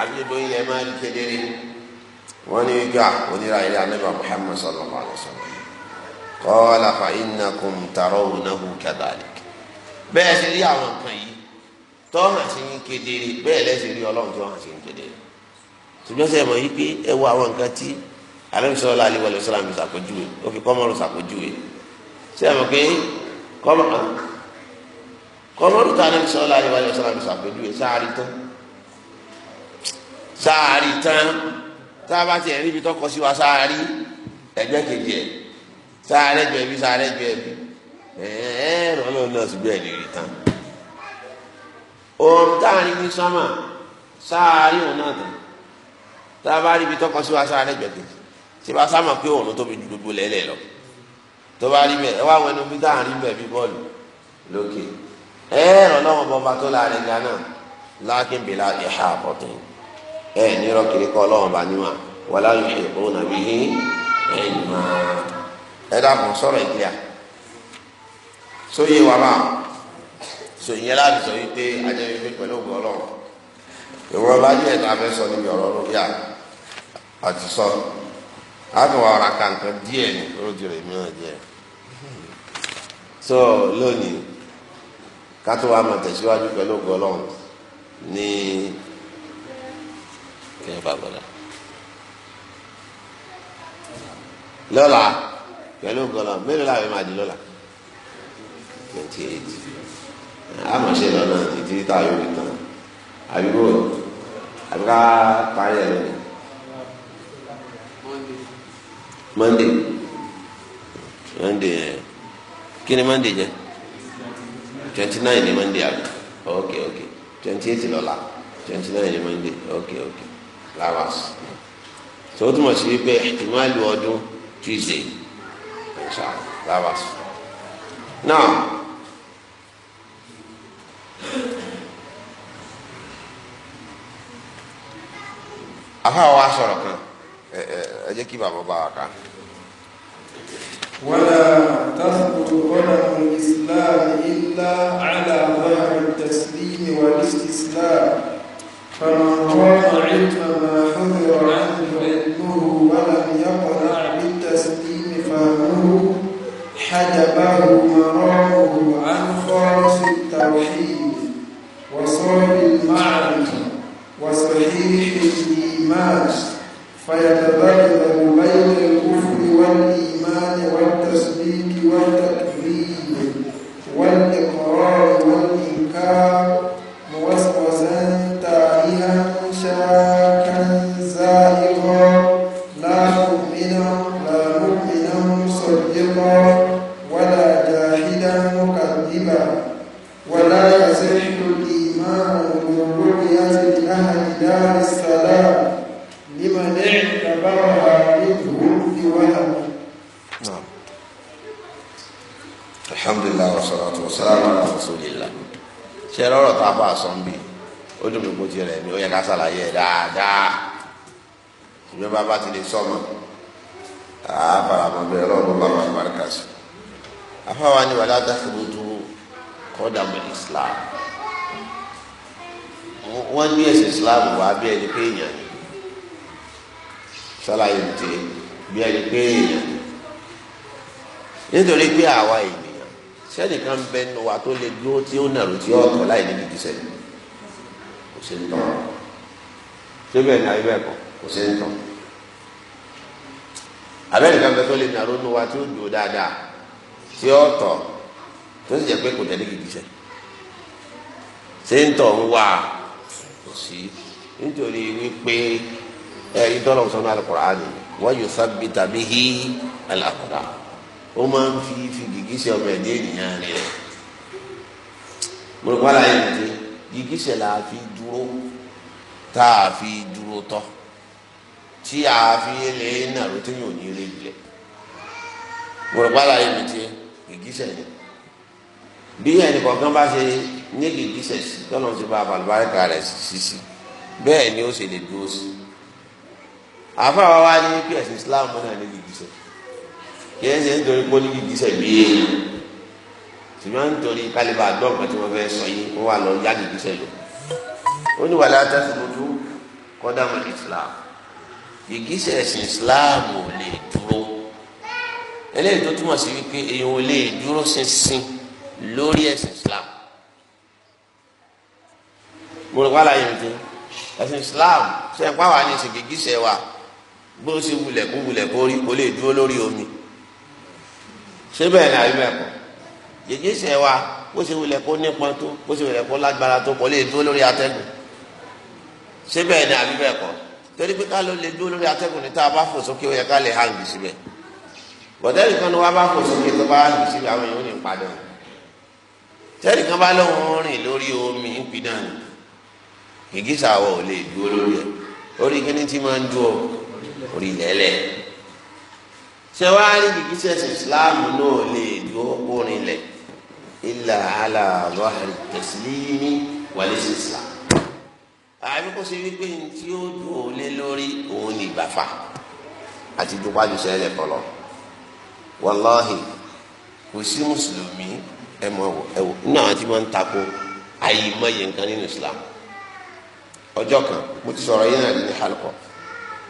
àbí ìbọn yẹn máa ń kedere wọn ní gbà ah, onírà ilé anábà Muhammad sallallahu alayhi wa sallam qala fa innakum tarawnahu kadhalik bẹ́ẹ̀ ṣe rí àwọn nǹkan yìí tọ́ sí yín kedere bẹ́ẹ̀ lẹ́sìn rí ọlọ́run tí wọ́n hàn sí yín kedere ṣùgbọ́n sẹ́yìn mọ̀ yí pé ẹ wo àwọn nǹkan tí alẹ́sọ̀rọ̀ alẹ́ wọlé sọ́làmù ṣàpèjúwe ó fi kọ́mọ́rù ṣàpèjúwe sẹ́yìn mọ̀ pé kọ́mọ́rù tó alẹ́sọ̀rọ̀ alẹ́ wọlé sọ́làmù ṣàpèjúwe sáárì tán sáárì tán tá a bá tiẹ̀ níbi tó kọ sí wa sáárì ẹgbẹ́ kejì ẹ̀ sáárẹ̀ jọ ẹbí sáárẹ̀ jọ ẹbí ẹ̀ẹ́ lọ́lọ́run náà tá a bá rí ibi tọkọ sí wa sára lẹ́gbẹ̀ẹ́ kejì tí bá sá mọ̀ pé òun tóbi ju gbogbo lẹ́lẹ̀ lọ tó bá rí bẹ́ẹ̀ ẹ wá wọn ẹnu bí tá à ń rí bẹ́ẹ̀ bí bọ́ọ̀lù lókè ẹ ràn lọ́wọ́ bọba tó láàrin gánà lákìn bìlà ìhà àbọ̀tún ẹ nírọ̀ kiri kọ́ ọlọ́wọ́n bá níwà wà láyọ̀ ìbò nàbí ẹ̀yìn máa ẹ dàpọ̀ sọ̀rọ̀ ìkìlẹ̀ sóyè wàrà sòyìn yẹn láti sọ wípé ajẹ́ wípé pẹ̀lú ògùn ọlọ́wọ́ ìwọ́n bá jẹ́ ìta fẹ́ sọ níbi ọ̀rọ̀ rúbíà àti sọ àtúwọ̀ ọ̀rà kàǹkan díẹ̀ ní lójú rẹ̀ mìíràn díẹ̀ so lónìí kátó wa máa tẹ̀síwájú pẹ̀lú ògo ọlọ́run ní kẹ́hìn bàbọ̀dà lọ́la pẹ̀lú ògo ọlọ́run mélòó làwọn ẹ̀ máa di lọ́la twenty eight àmọ̀ ṣe lọ́nà títí táyọ̀ nìkan àbí bò àbí ká parí ẹ̀ lónìí. monday monday yẹn eh. kí ni monday jẹ twenty nine ni monday àbí ok ok twenty eight lọ́la twenty nine ni monday ok ok lawas tó o túmọ̀ sí wípé ìmáàlú ọdún tuesday ẹ̀ṣá lawas náà. afa wa sọ̀rọ̀ kan ẹ ẹ ẹ jẹ́ kí bàbá bá wa kà. wàlá tasbutu ọ̀nà islam ilá àlà ọ̀hún taslim wà ní islam fàmà wọ́n àìtàn àfọwọ́ àìtàn ẹ̀kọ́ wàlá ní yàtọ̀. ṣé bẹ́ẹ̀ ni àyè bẹ́ẹ̀ kọ́ kò sí ń tọ́ abẹ́rẹ́ kan fẹ́ẹ́ tó lè nàró nu wa tí ó dùn dáadáa tí ó tọ̀ tó sì jẹ́ pé kò tẹ̀lé kìkì sẹ́ ṣé ń tọ̀ ń wà kò sí nítorí wípé ẹ ìdọ́lọ̀ sọ́nà Al-Qur'ani wa yuthabbita bihi al-aqdam ó máa ń fi fi gìgísẹ̀ ọmọ ẹ̀dẹ́ ènìyàn rẹ̀ mo rò pàlà yẹn ti gìgísẹ̀ la fi dúró tá a fi dúró tọ́ tí a fi lè nàró téèyàn ò ní rí ilẹ̀ gbòròpàlà ibi tí gìgísẹ̀ ni bí ẹnì kọ̀ọ̀kan bá ṣe ní gìgísẹ̀ sí tọ́nà ti bá àbàlùbáríkà rẹ̀ sí sí bẹ́ẹ̀ ni ó ṣe lè dúró sí àfáà wa ní ps Islam náà ní gìgísẹ̀ kì í ṣe nítorí pé ó ní gìgísẹ̀ bíi ṣùgbọ́n nítorí kálíbà àdọ́gbọ̀n tí wọ́n fẹ́ sọ yìí wọ́n wà lọ yá gìgísẹ̀ lọ ó ní wàhálà tẹ́sán lójú kọ́dàmù islam ìgísẹ̀ ẹ̀sìn islam ò lè dúró eléyìí tó túmọ̀ sí wípé èèyàn ò lè dúró ṣinṣin lórí ẹ̀sìn islam mo rò wàhálà yẹn tó ẹ̀sìn islam ṣe ń pàwọn àní ìsìn gígísẹ̀ wa bó ṣe wulẹ̀ kó wulẹ̀ kó rí kó lè dúró lórí omi ṣé bẹ́ẹ̀ ni àbí bẹ́ẹ̀ kọ́ gígísẹ̀ wa bó ṣe wulẹ̀ kó nípọn tó bó ṣe wulẹ̀ kó lágbára tó kó lè dúró lórí atẹ́gùn ṣé bẹ́ẹ̀ ni àbí bẹ́ẹ̀ kọ́ torí pé ká ló lè dúró lórí atẹ́gùn ní tá a bá fò sókè ó yẹ ká lè hàǹgì síbẹ̀ bọ̀dẹ́rì kan ni wọ́n bá fò sókè tó bá hàǹgì síbẹ̀ àwọn èèyàn ò ní padà tẹ́rì kan bá lóun rìn lórí omi ìpín náà ni gègésà wọ ò lè dúró lórí ẹ̀ orí kíní tí máa ń dúró orí lẹ́lẹ̀ sẹwárí gègésà ìsìláàmù náà lè dúró orin lẹ̀ ilà àlà lọ́hàrì tẹ̀sílíìmì wàlẹ́sì ìsìláàmù àbí kó ṣe wípé tí ó dùn ó lé lórí òun ní ìgbàfà àti dupájú sẹ́lẹ̀ kọlọ wàláhì kò sí mùsùlùmí ẹ mọ ẹ wò nínú àwọn tí wọn ń takò àyèmọye nǹkan nínú islam ọjọ́ kan mo ti sọ̀rọ̀ yín náà ní halkọ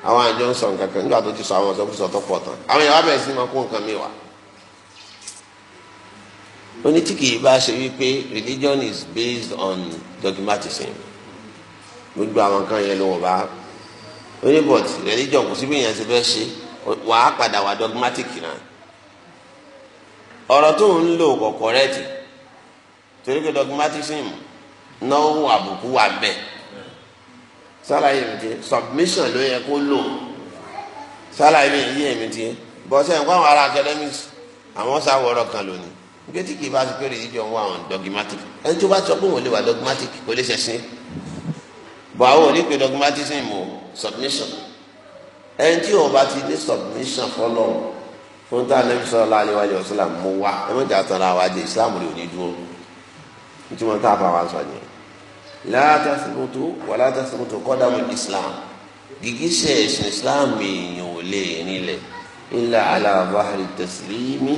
àwọn àjọ ń sọ nǹkan kan nígbà tó ti sọ àwọn ọ̀sọ́ fúnṣọ tó pọ̀ tán àwọn yàrá bẹ̀rẹ̀ sí máa kó nǹkan mi wá. oní tí kì í bá ṣe wípé religion is based on dogmatism gbogbo àwọn kan yẹn ló wọ̀ bá oníbọ̀tì religion kò síbi yẹn ti fẹ́ ṣe wàá padà wà dogmatic náà ọ̀rọ̀ tó ń lò kò correct torí pé dogmatism náà àbùkù wà bẹ́ẹ̀ sálàyé mi ti submission ló yẹ kó lò sálàyé mi yé mi ti bọ́sẹ̀ nǹkan àwọn ará academics àwọn sáwọ́rọ̀ kan lónìí nígbà tí kì í bá ti pé religion wà on dogmatic ẹni tó bá sọ pé òun lè wà dogmatic kò lè ṣẹ̀sìn bọ̀ àwọn onípe dogmatism o submission ẹni tí ó bá ti ní submission fọlọ fún tá a nẹ́bí sọ̀rọ̀ láàrin wájú ọ̀sán mú wá ẹ mọ̀ jà tán ra wá jẹ islam rẹ̀ ò ní dúró nítorí wọn tá a fà wá sọ yẹn láàtà sèmótó wà láàtà sèmótó kọ́dà mọ́ islam gìgísẹ̀ ẹ̀sìn islam èèyàn ò lè nílẹ̀ ilà alábàárì tẹ̀sílímì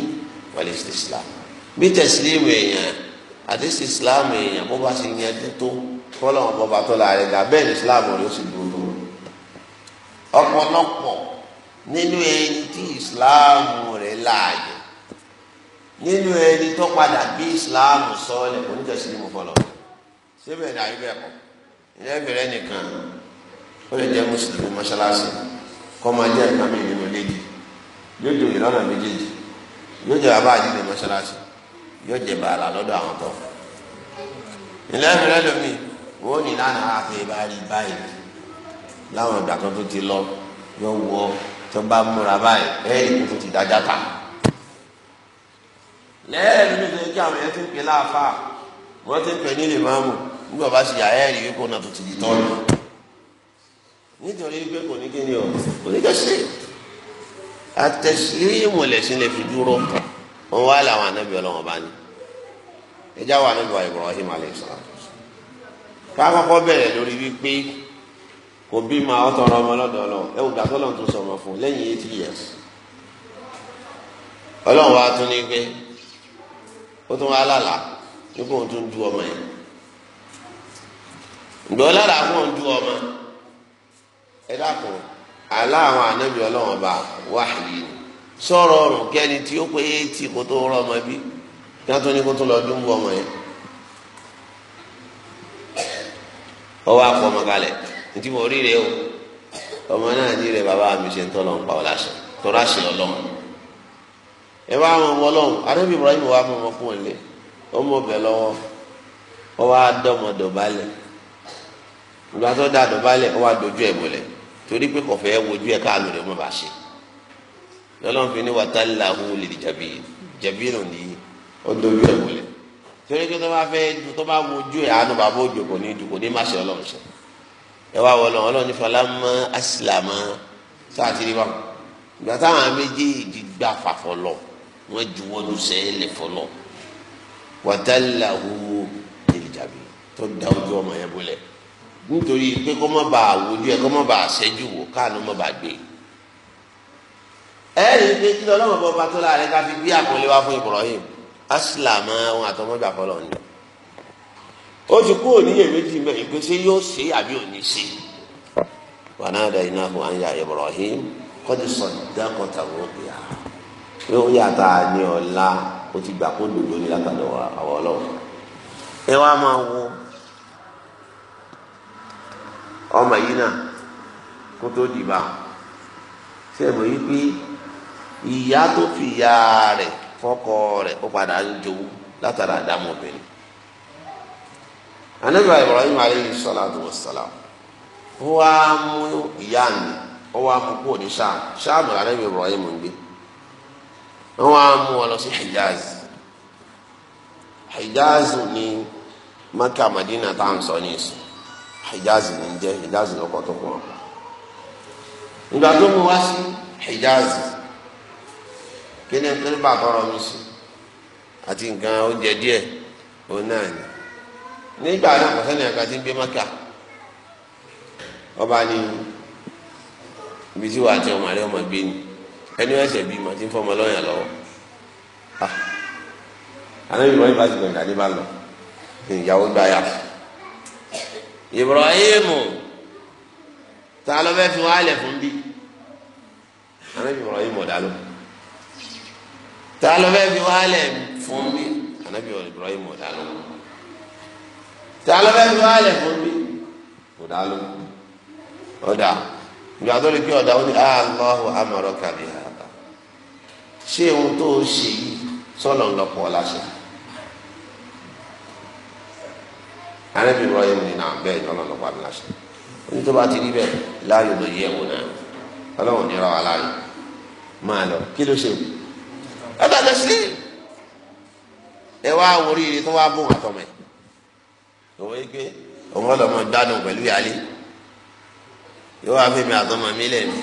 wàlẹ̀ islam bí tẹ̀sílímì èèyàn àti islam èèyàn bó bá ṣe yẹn tó. kọlọ́wọ́n bọ́ba tó la rẹ̀ gà bẹ́ẹ̀ ní islam rẹ̀ sì dúró ọ̀pọ̀lọpọ̀ nínú ẹni tí islam rẹ̀ láàyè nínú ẹni tó padà bí islamu sọ́ọ̀lẹ̀ oníjọ́sí ni mo fọlọ́ síbẹ̀ ní ayébẹ̀ kọ́ ilé ìbẹ̀rẹ̀ nìkan ó lè jẹ́ mùsùlùmí mọ́ṣáláṣí kọ́ jẹ́ ìgbà nínú léjì yóò jòyè lọ́nà méjèèjì yóò wọ́n ní lánàá àfẹ́ bá rí báyìí láwọn ìgbà kan tó ti lọ yọ wọ tó bá múra báyìí ẹ̀ẹ́dì kò tó ti dájá ta. lẹ́ẹ̀rí mi fẹ́ kí àwọn yẹn ti ń pè láàfà wọ́n ti ń pè ní lèmọ́mù nígbà bá ṣe àẹ́rì wípé ọ̀nà tó ti di tọ́lù. nítorí pé kò ní kí ni ọ kò ní kẹ́sì àtẹ̀sírí ìmọ̀lẹ́sìn lè fi dúró wọn wá làwọn anábìọ́ lọ́wọ́ bá ní ẹjá wà anábìọ́ Ibrahim alayhi kákọ́kọ́ bẹ̀rẹ̀ lórí wípé kò bí ma ọ̀tọ̀rọ̀ ọmọ lọ́dọ̀ ọlọ́run ẹ wò gbàtọ́ lọ́run tó fún lẹ́yìn eighty years ọlọ́run wa tún ní pé ó tún wá lálà nípò tún ọmọ yẹn ǹdọ́ lálà fún ọmọ ẹ ọba tí ó pé eighty tó bí kí tún ní ọmọ yẹn. ọwọ́ àpò ọmọ kalẹ̀ ntí mo rí rẹ o ọmọ náà ní rẹ bàbá mi ṣe ń tọ́ lọ́n pa ọ́ láṣẹ tọ́ra ṣe ọlọ́run ẹ wá àwọn ọmọ ọlọ́run adébí Ibrahim wà fún ọmọkùnrin lé ọmọ ọbẹ̀ lọ́wọ́ ọwọ́ adọ́mọ dọ̀bálẹ̀ ìgbà tó dá dọ̀bálẹ̀ ọwọ́ adójú ẹ̀ bọ̀lẹ̀ torí pé kò wojú ẹ̀ káàlù rẹ̀ mọ̀ bá ṣe lọ́lọ́run fi ní wàtálà hù lè torí pé tó bá fẹ́ tó bá wojú ẹ̀ àánú bàbá òjò kò ní ju kò ní má ṣe ọlọ́run ṣe ẹ wá wọlé ọlọ́run ní falamọ́ asilamọ́ sáàtìrì bá ìgbà táwọn méjèèjì gbà fà fọlọ́ wọ́n ju wọ́dún sẹ́lẹ̀ fọlọ́ wàtálàhù ìjàbí tó da ojú ọmọ yẹn bọ́lẹ̀ nítorí pé kó má bàa wojú ẹ kó má bàa ṣẹ́jú wò káàánú má bàa gbé ẹ ẹ rí i pé kí lọ́lọ́mọ bọ́ bá tó láàrin bí àkọlé wá fún Ibrahim asilamu àwọn àtọmọgbà fọlọ ni ó ti kú òníyè méjì mẹ ìgbésẹ̀ yóò ṣe àbí òní ṣe wànádà iná fún anya Ibrahim kọ́ni sọ̀dá kọ́ta rọ́bìà yóò yàtọ̀ ní ọ̀la ó ti gbà kó dòdò ní látàdọ̀ àwọn ọlọ́run ẹ wá máa wo ọmọ yìí náà kó tó dìbà ṣe é mọ̀ yí pé ìyá tó fi ìyá rẹ̀ fọkọ rẹ̀ ó padà jowú látara àdámọ obìnrin anabi ibrahim aleyhi salatu wa salam ó wá mú ìyá mi ó wá mú kúrò ní sáà sáà mi anabi ibrahim ń gbé ó wá mú ọ lọ sí hijaz hijaz ní maka madina tá à ń sọ ní ìsìn hijaz ní jẹ hijaz lọkọ tó kọ nígbà tó mú wá sí hijaz kí ni kí ni bàtà ọ̀rọ̀ mi sí àti nǹkan oúnjẹ díẹ̀ òun náà ni nígbà náà kò sẹ́ni àgbà tí ń gbé mọ́kà ọba ni ibi tí wàá tẹ ọmọ rẹ ọmọ gbé ni ẹni wọ́n ṣẹ̀ bí ma ti ń fọmọ lọ́yàn lọ́wọ́ anabi wọn bá ti gbọ̀n dání bá lọ ìyàwó gba yà Ibrahim ta ló fẹ́ fi wá lẹ̀ fún bí anabi Ibrahim ọ̀dà lọ́wọ́ ta ló fẹ́ fi wálẹ̀ fún mi anabi ibrahim ọ̀dà ló ta ló fẹ́ fi wálẹ̀ fún mi ọ̀dà ló ọ̀dà ìgbà tó lè pé ọ̀dà ó ní ah, Allahu amaraka bi hada ṣé ohun tó ṣe yìí sọ̀lọ̀ ń lọ́pọ̀ anabi ibrahim ní nà bẹ́ẹ̀ ni ọlọ́lọ́pọ̀ àmì ní tó bá ti rí bẹ́ẹ̀ láàyò ló yẹ wò náà ọlọ́run ní ra wa láàyò máa lọ kí ló ṣe wù ẹgbẹ́ àgbẹ̀ sílẹ̀ ẹ wá wọrí ire tó wá bùn àtọ̀mọ̀ ẹ̀ òun yìí pé òun ọlọmọ gbádùn pẹ̀lú ìyáálé yóò wá fẹ́mi àtọmọ mi lẹ́nu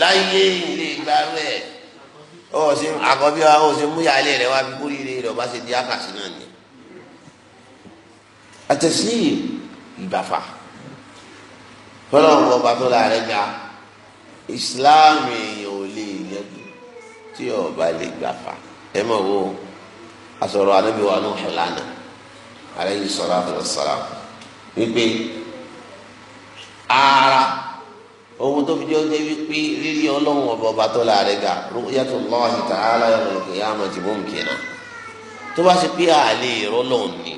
láyé ilé ìgbàlú ẹ̀ ọ̀sìn àkọ́bí wa ọ̀sìn mú ìyáálé rẹ̀ wá bí kórìí ire rẹ̀ ọba ṣe di àkàṣì náà ni àtẹ̀sílẹ̀ ìgbàfà fọlọ́n ọba tó la rẹ̀ ga ìsìláàmù èèyàn tí ọba lè gbà fà ẹ mọ̀ wo asọ̀rọ̀ anábì wa nù hẹ̀lánà alayhi salatu wassalam wípé ara ohun tó fi jẹ́ ọjọ́ wípé rírí ọlọ́run ọba ọba tó láàrin ga ru'yatullahi ta'ala yawmal qiyamati mumkina tó bá ṣe pé àlè ìrọ́lọ́run ni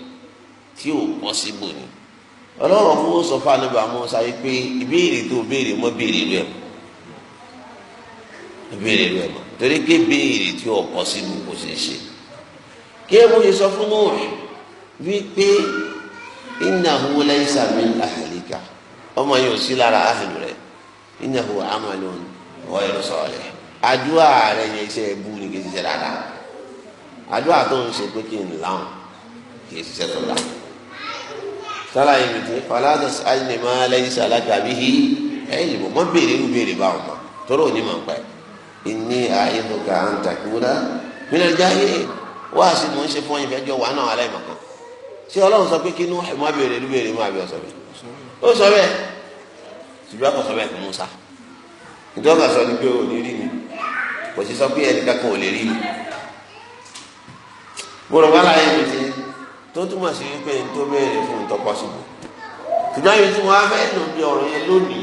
tí ò pọ́ síbò ni ọlọ́run fún sọ fún anábì amúnsá wípé ìbéèrè tó béèrè mọ́ béèrè rẹ̀ mọ́ mọ́. torí pé béèrè tí o kọ sínú kò ṣeé ṣe sọ fún Nuh wípé innahu laysa min ahlika ọmọ yìí ò sí lára ahlu rẹ innahu amalun ghayru salih àdúrà rẹ yẹn iṣẹ́ ẹbú ni kì í dáadáa tó ń ṣe pé kí n kì í tó dáa sọlá yìí mi ti máa ìní àìdùkà àǹtàkùrà mílẹ̀ jáde wá sí mò ń ṣe fún ìfẹ́jọ́ wà náà aláìmọ̀ kan ṣé ọlọ́run sọ pé kí inú ẹ̀mọ́ abẹ́rẹ́ ló béèrè mọ́ àbí ọ̀sọ̀ bẹ́ẹ̀ ó sọ bẹ́ẹ̀ ṣùgbọ́n kò sọ bẹ́ẹ̀ fún Musa ìjọba sọ ni pé ò ní rí mi kò sí sọ pé ẹnìkankan ò lè rí mi gbọ́dọ̀ wà láyé mi ti tó túmọ̀ sí pé n tó béèrè fún ìtọ́pọ̀ ṣùgbọ́n ibi tí wọ́n á fẹ́ lò bí ọ̀rọ̀ yẹn lónìí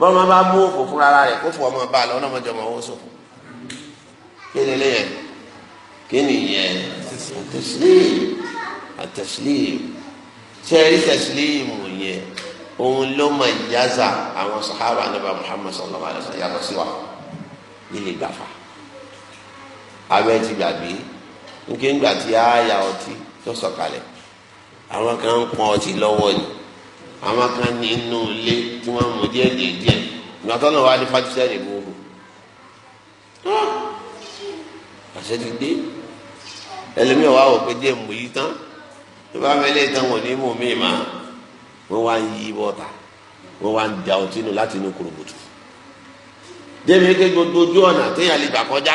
bọ́mọ bá mú òfò fún ara rẹ̀ kó fò ọmọ bá lọ ọlọ́mọ jọmọ owó sòfò kí ni lè yẹn kí ni yẹn àtẹ̀sílẹ̀ àtẹ̀sílẹ̀ sẹ́ẹ̀rí tẹ̀sílẹ̀ yẹn òun ló mọ ìyáza àwọn sahaba nípa Muhammad sallallahu alayhi wa sallam yàtọ̀ sí wa nílé gbàfà abẹ́ ti gbàgbé nké ńgbà tí a ọtí tó sọ̀kalẹ̀ àwọn kan ń pọn ọtí lọ́wọ́ ni àwọn kan ní inú ilé tí wọ́n mú díẹ̀ díẹ̀ díẹ̀ ìgbà tó náà wá ní fàtísẹ́ ìbò wò àṣẹ ti dé ẹlẹ́mìí wà wò pé díẹ̀ mú yí tán tó bá mẹ́lẹ́ tán wọ̀ ní mú mi mà wọ́n wá ń yí bọ́ta wọ́n wá ń da ọtí nù láti inú kòròbòtò débi ké gbogbo ojú ọ̀nà téèyàn lè gbà kọjá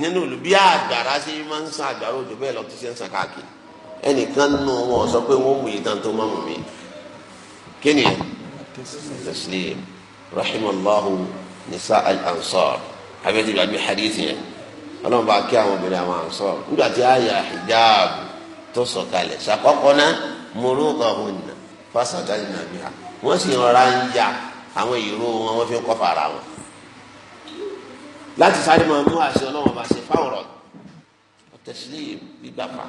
nínú ìlú bí àgbàrá sí máa ń san òjò bẹ́ẹ̀ lọ ṣe ń san ẹnìkan nù wọn sọ pé wọ́n mú yí tán tó má mú mi kíni yẹn taslim rahimallahu nisa al-ansar abẹ́tí ìlú àbí hadith yẹn ọlọ́run bá kí àwọn obìnrin àwọn ansar nígbà tí a yà hijab tó sọ̀kalẹ̀ sàkọ́kọ́ náà murugahunna fasadalna biha wọ́n sì rọra ń ya àwọn ìró wọn wọ́n fi ń kọ́fà ara wọn láti sáré máa mú àṣẹ ọlọ́run bá ṣe fáwọn ọ̀rọ̀ taslim gbígbà pa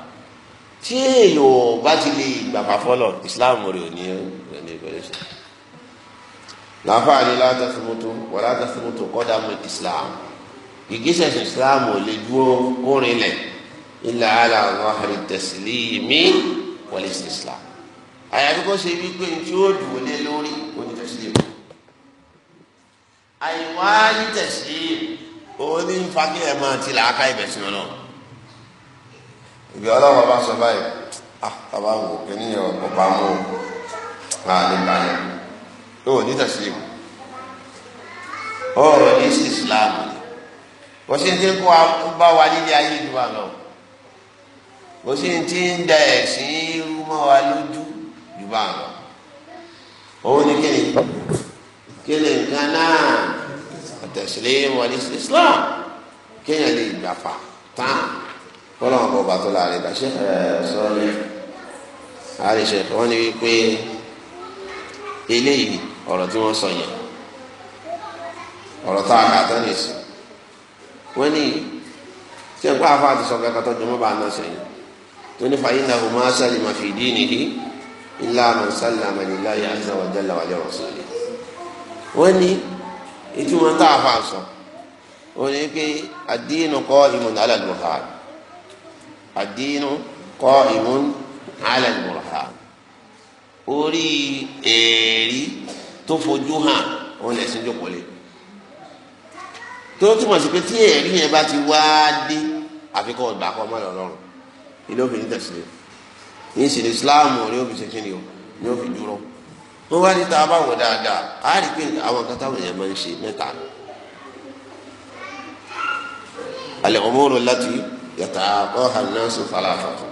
tí èèyàn ò bá ti lè gbàgbà fọlọ islam rẹ ò ní ẹni ìbẹ̀rẹ̀ sí. láǹfààní látàsímọ́tò wà látàsímọ́tò kọ́dà mọ́ islam ìgbésẹ̀ islam ò lè dúró kórin lẹ̀ ilà àlà àwọn tẹ̀sílímì wọlé sí islam. àyàfi kó ṣe wípé tí ó dùn ó lé lórí ó ní tẹ̀sílímì. àyìnwá ní tẹ̀sílímì òun ní fa kí ẹ máa ti làákà ìbẹ̀sìn ọlọ́run ìbí ọlọ́wọ́ bá sọ báyìí ah, àbá wò kíní ọba mú o àní báyìí ó ní tẹ̀síìm ọ̀rọ̀ ní Islam wọ́n sì ń tí kó bá wa nílé ayé ìdúrà lọ wọ́n sì ń tí ń da ẹ̀sìn irú mọ́ wa lójú ìdúrà lọ òun ni kíni kíni nǹkan náà àtẹ̀sílẹ̀ wọlé Islam kéèyàn lè gbà fà tán kọ́lọ́mù bọ̀ bàtọ́ la rẹ̀ dàṣẹ́ sọ́ọ́lì àrẹ̀ṣẹ̀ wọ́n ní wípé eléyìí ọ̀rọ̀ tí wọ́n sọ yẹn ọ̀rọ̀ tá a kà tán lè sùn wọ́n ní tí ẹ̀kọ́ àfa àti sọ̀kẹ́ kàtọ́ jọmọ́ bá náà sẹ́yìn tó ní fàyín náà hùmá sálì máa fi ìdí nìyí ilá man sálàmà lillahi azza wa jalla wa li rasuli. wọ́n ní ìtumọ̀ tá a fa sọ wọ́n ní pé ad-dinu qa'imun ala al-muhal àdínú kọ́ ìmún alẹ́ nìbọ̀rọ̀hà orí èèrí tó fojú hàn òun lè sin jókòó lé tó túmọ̀ sí pé tí èèrí yẹn bá ti wá dé àfikún ọgbà kọ́ mọ́ lọ́rùn ilé òfin tẹ̀sílẹ̀ yìí sì ní islámù ni ó fi ṣe kí ni o ni ó fi dúró wọ́n wá ní tá bá wọ̀ dáadáa a pé àwọn kan táwọn èèyàn máa ń ṣe mẹ́ta alẹ́ ọmọ òrò láti yìí yàtà kọ́ hanásù falafatu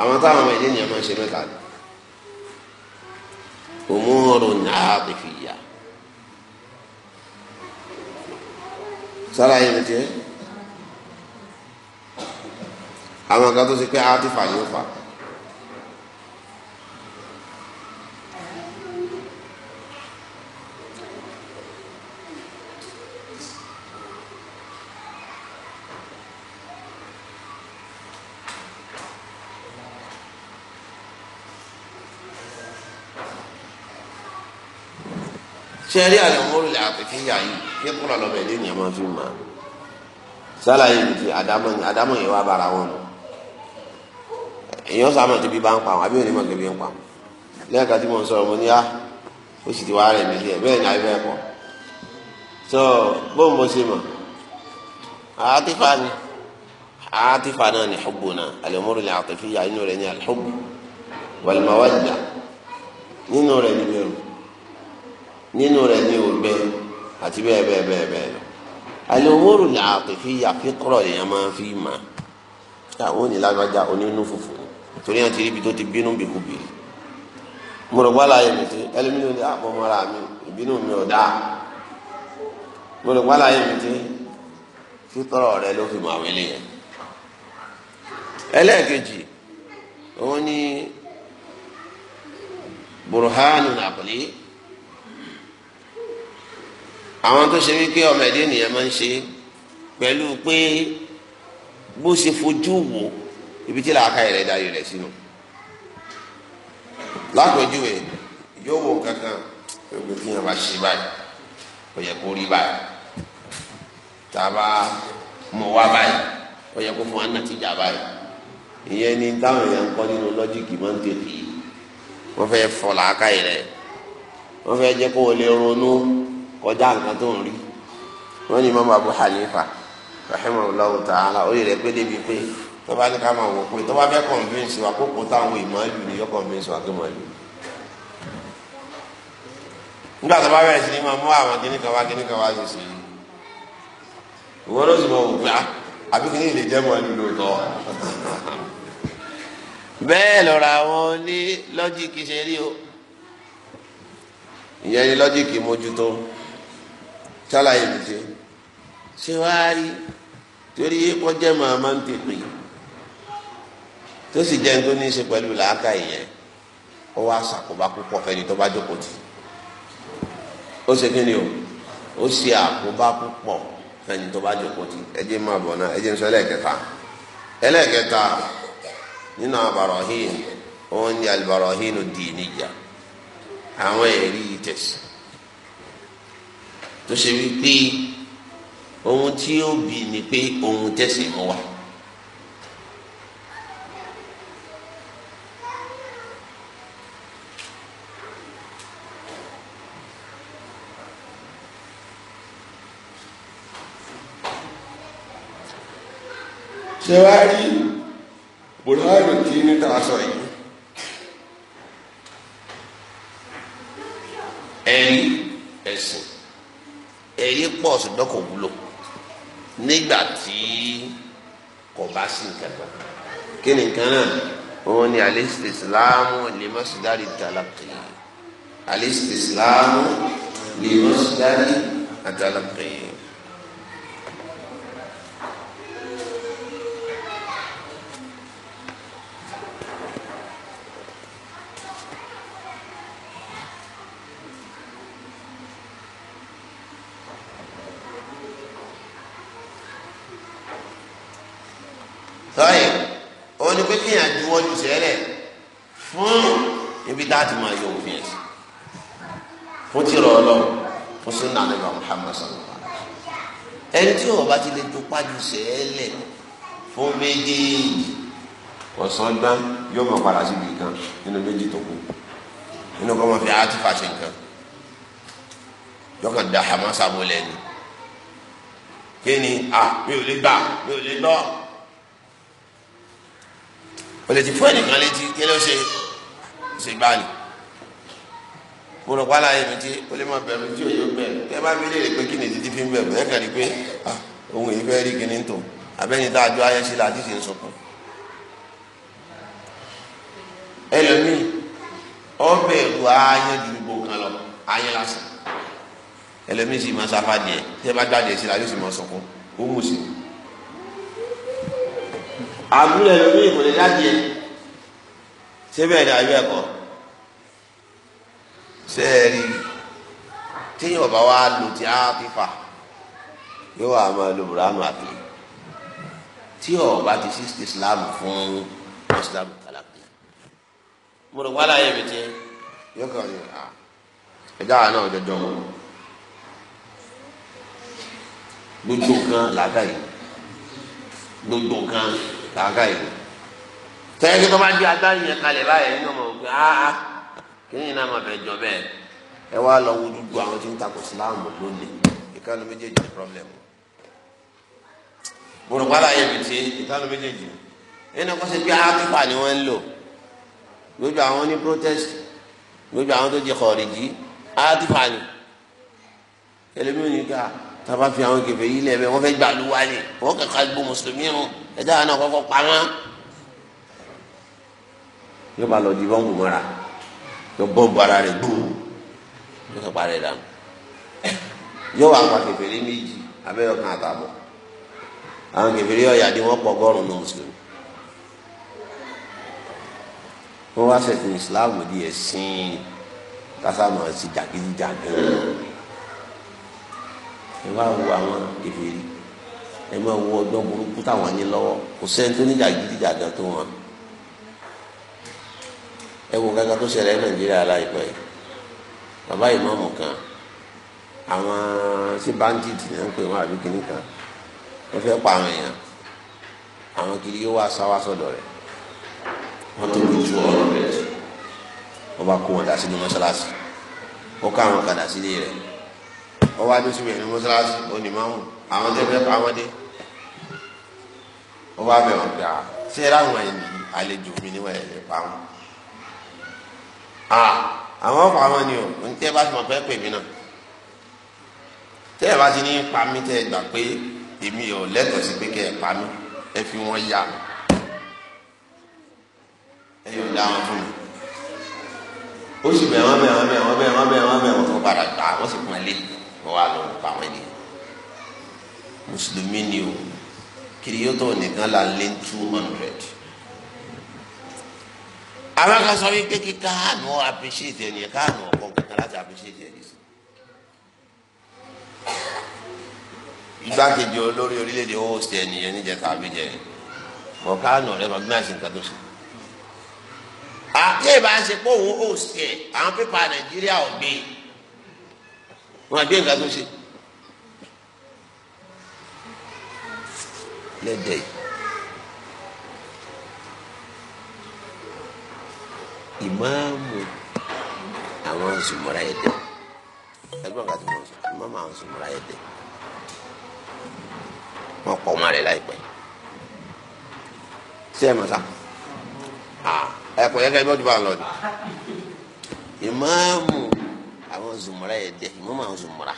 àwọn táwọn ọmọ ìdí nìyẹn máa ń ṣe mẹ́ta ni òmùrù nàáfìyà sára yẹn tiẹ̀ àwọn kan tó ṣe pé àtìfà yóò fà sẹ́rí àlẹ́ ọmọlú lè àtẹ̀kẹ́ yà yìí kí kúrọ̀ lọ́bẹ̀ lé ní ọmọ fi mà á sálàyé mi ti àdámọ̀ àdámọ̀ yẹn wá bára wọn mu èèyàn sàmà tí bí bá ń pa àwọn àbí onímọ̀ kébí ń pa àwọn lẹ́ẹ̀ka tí mo ń sọ̀rọ̀ mo ní á ah, ó sì ti wá rẹ̀ mí díẹ̀ bẹ́ẹ̀ ni àbí bẹ́ẹ̀ kọ́ so bóun mo ṣe mọ̀ àtìfà ni àtìfà náà ni hubbu náà al-umuru al-atifiyya inú rẹ̀ ni al nínú rẹ̀ ní ògbẹ àti bẹ́ẹ̀ bẹ́ẹ̀ bẹ́ẹ̀ bẹ́ẹ̀ lọ. al-umuru al-atifiyya fiqra lèèyàn máa fi mà àwọn onílágbájá onínú fùfù torí àti ibi tó ti bínú bí kú bìrì. mo rò wálá yẹn mìtì ẹlẹ́mìnú ni àpọ̀mọ́ra ah, mi ìbínú mi ò dáa mo rò yẹn mìtì fiqra rẹ ló fi mà wẹ́lẹ̀ yẹn. ẹlẹ́ẹ̀kejì òun ni burhanu nàkùlé àwọn tó ṣe wípé ọmọ ẹ̀dẹ́ ènìyàn máa ń ṣe pẹ̀lú pé bó ṣe fojú wò ibi tí làákà rẹ̀ dayò rẹ̀ sínú. lápèjúwe yóò wò kankan pé kí yẹn bá ṣe báyìí ó yẹ kó rí báyìí tá a bá mọ̀ wá báyìí ó yẹ kó fún wa nàtìjà báyìí ìyẹn ni táwọn èèyàn ń kọ́ nínú lọ́jíìkì máa ń tètè wọ́n fẹ́ fọ làákà rẹ̀ wọ́n fẹ́ jẹ́ kó o lè ronú. kọjá nǹkan tó ń rí wọn ní Imam Abu Hanifa rahimahullah ta'ala ó rẹ pé débi pé tó bá ní ká máa wọ pé tó bá fẹ́ convince wa kókó táwọn ìmọ̀lù ni yóò convince wa kí lù. nígbà tó bá bẹ̀rẹ̀ sí ni máa mú àwọn kíní kan wá kíní kan wá ṣèṣe yìí ló sì mọ ah, àbí kíní lè jẹ́ lóòótọ́. o ìyẹn ni mójútó. ṣàlàyé mi ṣe ṣé wàá rí torí kọjá màmá ń tètè tó sì jẹ́ ní tó ní í ṣe pẹ̀lú làákà ìyẹn ó wá ṣàkóbá púpọ̀ fẹ́ni tó bá jókòó tì ó ṣe kí ni o ó ṣe àkóbá púpọ̀ fẹ́ni tó bá jókòó tì ẹ jẹ́ máa bọ̀ náà ẹ jẹ́ ń sọ ẹlẹ́ẹ̀kẹta ẹlẹ́ẹ̀kẹta nínú àbàrọ̀hìn òun ni àlùbàrọ̀hìn dì níjà àwọn ẹ̀rí tẹ̀sí tó ṣe wípé ohun tí ó bì ní pé ohun tẹ̀sìn mọ́ wa. ṣe wá rí bùrọ́dù tí ní tàwa sọ yìí ẹ̀rí ẹ̀sìn ẹ̀rí pọ̀ ṣùgbọ́n kò wúlò nígbà tí kò bá sí nǹkan kan kí ni nǹkan náà òun ni alẹ́sìtìsìlámù lèmọ́sídárì tàlàkì alẹ́sìtìsìlámù lèmọ́sídárì tàlàkì. fún ti rọ ọlọ fún sunna nígbà Muhammad sallallahu alaihi wasallam ẹni tí ó bá ti lè tó pájú sẹ́ẹ̀lẹ̀ fún méjèèjì ọ̀sán dán yóò mọ̀ padà síbi kan nínú méjì tó kù nínú kọ́ mọ̀ fi àti fàṣẹ nǹkan yọkàn da hamasa bó lẹ́nu kí ni a mi ò lè gbà mi ò lè lọ o lè ti fún ẹnìkan létí kí ló ṣe ṣe gbá mo rò pa láàyè mi tí ó lè má bẹ̀rù tí òye bẹ̀rù tẹ bá mi léèrè pé kí ni títí fi ń bẹ̀rù ẹ kàn rí pé ohun èyí fẹ́ rí kíní tó abẹ́ni tá a jọ ayé ṣe là àti ṣe ń sọkún. ẹlòmíì ọbẹ̀ ẹ̀rù ayé ju gbogbo kan lọ ayé lásán ẹlòmíì sì máa sáfà díẹ̀ tẹ bá gbàdé sí la yóò sì máa sọkún ó mú sí i. àbúrò ẹlòmíì kò lè dá díẹ̀ síbẹ̀ ni àyè ẹ̀kọ́ sẹ́ẹ̀rì téèyàn ọba wa lò tí a ti fà yóò wá máa lo burama àti tí ọba ti sí islam fún islam kàlàkì mo rò wálá yẹ mi tiẹ yóò kàn yín à ah, ẹjọ àwọn náà jọjọ mọ gbogbo kan làákà yìí gbogbo kan làákà yìí tẹ́lẹ̀ kí tó bá di agbáyé yẹn kalẹ̀ báyìí ní ọmọ òkè áá kéyìn náà má fẹ́ jọ bẹ́ẹ̀ ẹ wá lọ wo dúdú àwọn tí ń takò síláàmù lónìí ìkànnì méjèèjì ní pọ́blẹ́mù burúkpala yẹ bi ti ìkànnì méjèèjì ẹnì kan ṣe pé àtúpà ni wọ́n ń lò lójú àwọn ní protest lójú àwọn tó jẹ kọ̀ọ̀rìjì àtúpà ni ẹlẹ́mìí ni ká taba fi àwọn kẹfẹ yìí lẹ́ẹ̀bẹ̀ wọ́n fẹ́ gba àlùwà ni wọ́n kàkà gbó mùsùlùmí rún ẹ̀dá àná kọ́kọ́ pamọ́ yóò bá lọ di bọ́ǹbù mọ́ra. yọ bọ́ọ̀bù ara rẹ̀ gbòò yọ sọ parẹ́ dànù yọ wà pa kẹfẹ́rẹ́ méjì abẹ́yọ̀ kan àtàbọ̀ àwọn kẹfẹ́rẹ́ ọ̀yà ni wọ́n pọ̀ gọ́rùn náà sí wọ́n wá sẹ̀tìn ìsìláàmù di ẹ̀sìn kásámù àti jàgídíjàgán ẹ wá wo àwọn kẹfẹ́rẹ́ ẹ máa wo ọjọ́ burúkú táwọn ní lọ́wọ́ kò ní ẹ wo kankan tó ṣẹlẹ̀ nàìjíríà láìpẹ́ bàbá ìmọ̀ọ́mù kan àwọn sí bandits náà ń pè wọn àbí kìnnì kan wọ́n fẹ́ pa àwọn èèyàn àwọn kiri yóò wá sáwá sọ̀dọ̀ rẹ̀ wọ́n tó bí ju ọ̀rọ̀ rẹ̀ wọ́n bá kó wọn dà sínú mọ́ṣáláṣí wọ́n ká àwọn kàdà sílé rẹ̀ wọ́n wá dé síbi ẹ̀nu mọ́ṣáláṣí onímọ̀ọ́mù àwọn tẹ́ fẹ́ pa wọ́n dé wọ́n bá bẹ̀ wọ́n gbà ṣé ẹ láwọn ẹni àlejò mi níwọ̀n ẹ̀ lè pa wọn àwọn ọ̀fọ̀ àwọn ni o ní tẹ́ bá ti mọ̀ pé pè mí náà tẹ́ ẹ bá ti ní pa mí tẹ́ ẹ gbà pé èmi ò lẹ́tọ̀ọ́ sí pé kẹ́ ẹ pa mí ẹ fi wọ́n yá mi ẹ yóò dá wọn fún mi ó sì bẹ̀ wọ́n bẹ̀ wọ́n bẹ̀ wọ́n bẹ̀ wọ́n bẹ̀ wọ́n bẹ̀ wọ́n tó padà gbà wọ́n sì pọ́n lé wọ́n wà lọ́wọ́ pa wọ́n lé mùsùlùmí ni o kiri yóò tó nìkan là ń lé two hundred àwọn kan sọ wípé kí káànù appreciate ẹni káànù ọkọ kankan láti appreciate ẹni sí. igbákejì olórí orílẹ̀-èdè host ẹni yẹn níjẹ tàbí jẹ mọ káànù rẹ mọ gbígbà sí nǹkan tó sùn. àkèébà ṣe pé òun host ẹ àwọn pépà nàìjíríà ò gbé wọn gbé nǹkan tó ṣe. lẹ́dẹ̀ẹ́ ìmáàmù àwọn zùmọ̀rá ẹ̀dẹ̀ ẹgbẹ́ ọ̀gá tí mo sọ ìmáàmù àwọn zùmọ̀rá ẹ̀dẹ̀ wọ́n pọ̀ ọmọ rẹ̀ láìpẹ́ sí ẹ̀ mọ̀ sá ẹ̀kọ́ yẹ́kẹ́ bí wọ́n ti bá ń lọ ni ìmáàmù àwọn zùmọ̀rá ẹ̀dẹ̀ ìmáàmù àwọn zùmọ̀rá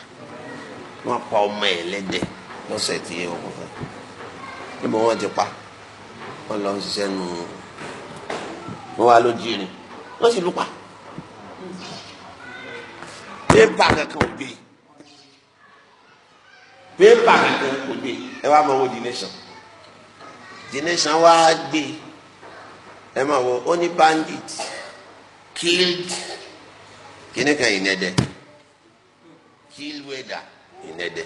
wọ́n pa ọmọ ẹ̀ lẹ́dẹ̀ lọ́sẹ̀ tí ó kún fún níbo wọ́n ti pa wọ́n lọ ń ṣiṣẹ́ nu wọ́n wá lójú ni wọ́n sì lù pa pépà kankan ò gbé pépà kankan ò gbé ẹ wá máa wo dinesan dinesan wá gbé ẹ máa wo ó ní bandit killed kíní kan ìnẹdẹ kill weather ìnẹdẹ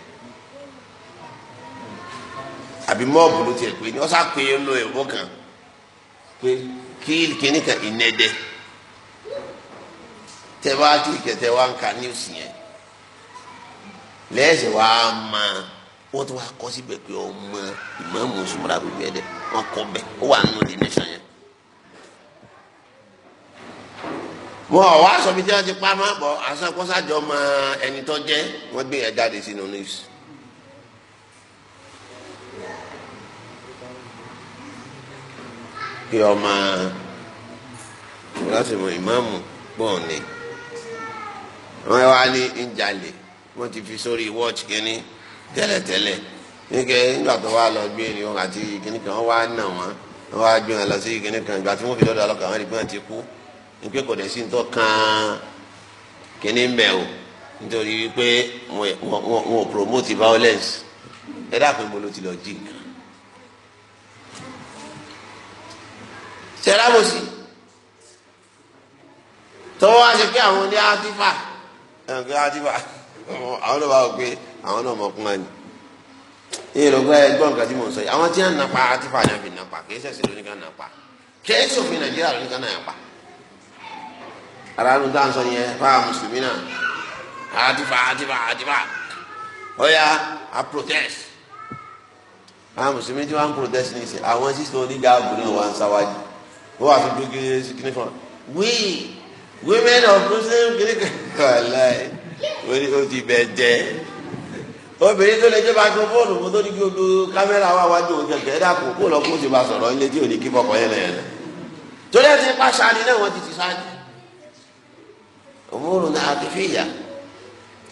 àbí mọ́ọ̀bù ló tiẹ̀ pé ní ọ́sà pé ń lo ẹ̀wọ́ kan pé kill kíní kan ìnẹdẹ tẹ wá tí kẹtẹ wá ń ka news yẹn lẹ́sẹ̀ wá ma wọ́n ti wá kọ́ síbẹ̀ pé ọmọ ìmọ̀ọ́mù sùmọ́ra bíbí ẹ̀ dẹ̀ wọ́n kọ́ bẹ̀ ó wà nínú the nation yẹn. wọn ọ̀ wá sọ mi tí wọ́n ti pa máa bọ̀ ma ẹni tó jẹ́ gbé yẹn jáde sínú news. kí ọmọ ìmọ̀ọ́mù pọ̀ ni. wọ́n wá ní ìjàlè wọ́n ti fi sórí wọ́ọ̀ch kínní tẹ́lẹ̀tẹ́lẹ̀ nígbà nígbà tó wá lọ gbé ni àti kínní kan wọ́n wá nà wọ́n wọ́n wá gbé wọn lọ sí kínní kan ìgbà tí fi lọ́dọ̀ ọlọ́kà wọn rí pé wọ́n ti kú nígbà kò dẹ̀ sí ní tó kan kínní mbẹ̀ o nítorí wípé promote violence ẹ dákun lọ jí tọ́wọ́ ṣe pé àwọn ẹnìkan á àwọn náà bá wọ pé àwọn náà mọ kún wa ni èyí ló gbọ́ ẹgbọ́n nǹkan tí mò ń sọ yìí àwọn tí wọ́n napa àti fà ní àfihàn napa kì í ṣẹ̀ṣẹ̀ lóní kan napa kì í ṣòfin nàìjíríà lóní kan náà yapa ara nu sọ yẹn fáà mùsùlùmí náà àti fà àti fà àti fà ọ̀ya a protest àwọn mùsùlùmí tí wọ́n protest ní ìsìn àwọn sísun onígàgùn náà wà sáwájú ó wà fi dúró kí ní fún wíì women of muslim kirika wàláì orí o ti bẹ jẹ obìnrin tó lè jẹ bá tó fóònù mo tó ní kí o do kámẹ́rà wa wájú òun kẹ̀kẹ́ dà kó kó lọ kó o ti bá sọ̀rọ̀ ilé tí o ní kí fọkàn yẹn lẹ́yìn lọ torí ẹ ti pa sani náà wọ́n ti ti sáájú òmùrù náà ti fi yà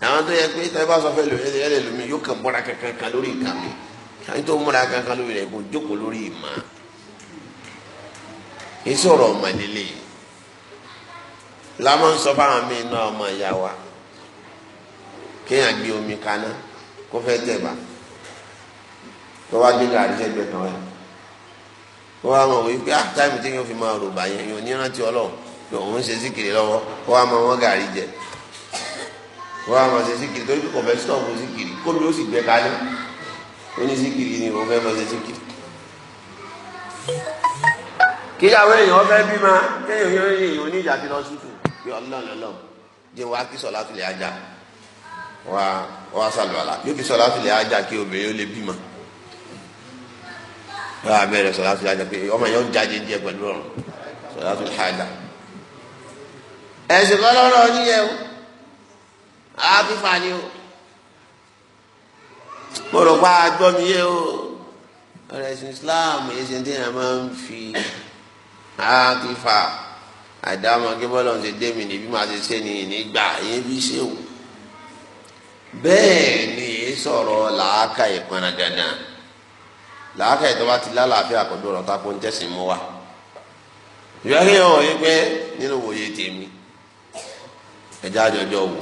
àwọn tó yẹ pé tẹ bá sọ fẹ lómi ẹ lè lómi yóò kàn múra kankan kan lórí nǹkan mi àwọn tó múra kankan lórí rẹ kò jókòó lórí ìmọ̀ ìṣòro ọmọdé lè yìí lámọ́ ń sọ fáwọn míì náà ọmọ ìyá wa kéèyàn gbé omi kaná kó fẹ́ tẹ̀bà tó wá gbé gàrí sẹ́gbẹ̀ẹ́ kan wá kó wá mọ̀ wí pé ah táìmù tí yóò fi máa rò bá yẹn yóò ní rántí ọlọ́run ṣe síkiri lọ́wọ́ kó wá mọ wọn gàrí jẹ kó wá mọ ṣe síkiri torí kò fẹ́ sọ̀rọ̀ síkiri kó mi ó sì gbẹ kaná ó ní síkiri ni òun fẹ́ mọ ṣe síkiri kíyàwó èèyàn fẹ́ bímọ kéèyàn yóò ní ìyàtí lọ sí tù pé ọlọ́run lọ́lọ́run jẹ́ wàá kí sọ̀lá fìlẹ̀ ajá wà wà sàlùwàlà yóò kí sọ̀lá fìlẹ̀ ajá kí obìnrin ó lè bímọ. wà á bẹ̀rẹ̀ sọ̀lá fìlẹ̀ ajá pé ọmọ yẹn ó jáde jẹ pẹ̀lú ọ̀run sọ̀lá fìlẹ̀ ajá. ẹ̀sìn kan lọ́rọ̀ yíyẹ o àfífà ni o mo rò pa àjọ mi yẹ o ẹ̀sìn Islam ẹ̀sìn tí a máa ń fi àfífà àdámọ́ kí bọ́lọ̀ dé mi níbí máa ṣe ṣe ni nígbà yín bí ṣe wù. bẹ́ẹ̀ ni èyí sọ̀rọ̀ làákà ìpọnra dandan làákà ìtọ́ bá ti lálàáfíà kò dúró ta kó ń tẹ̀sìn mú wa. ìyá kí hàn yín pé nínú wòye tèmi ẹja àjọjọ wò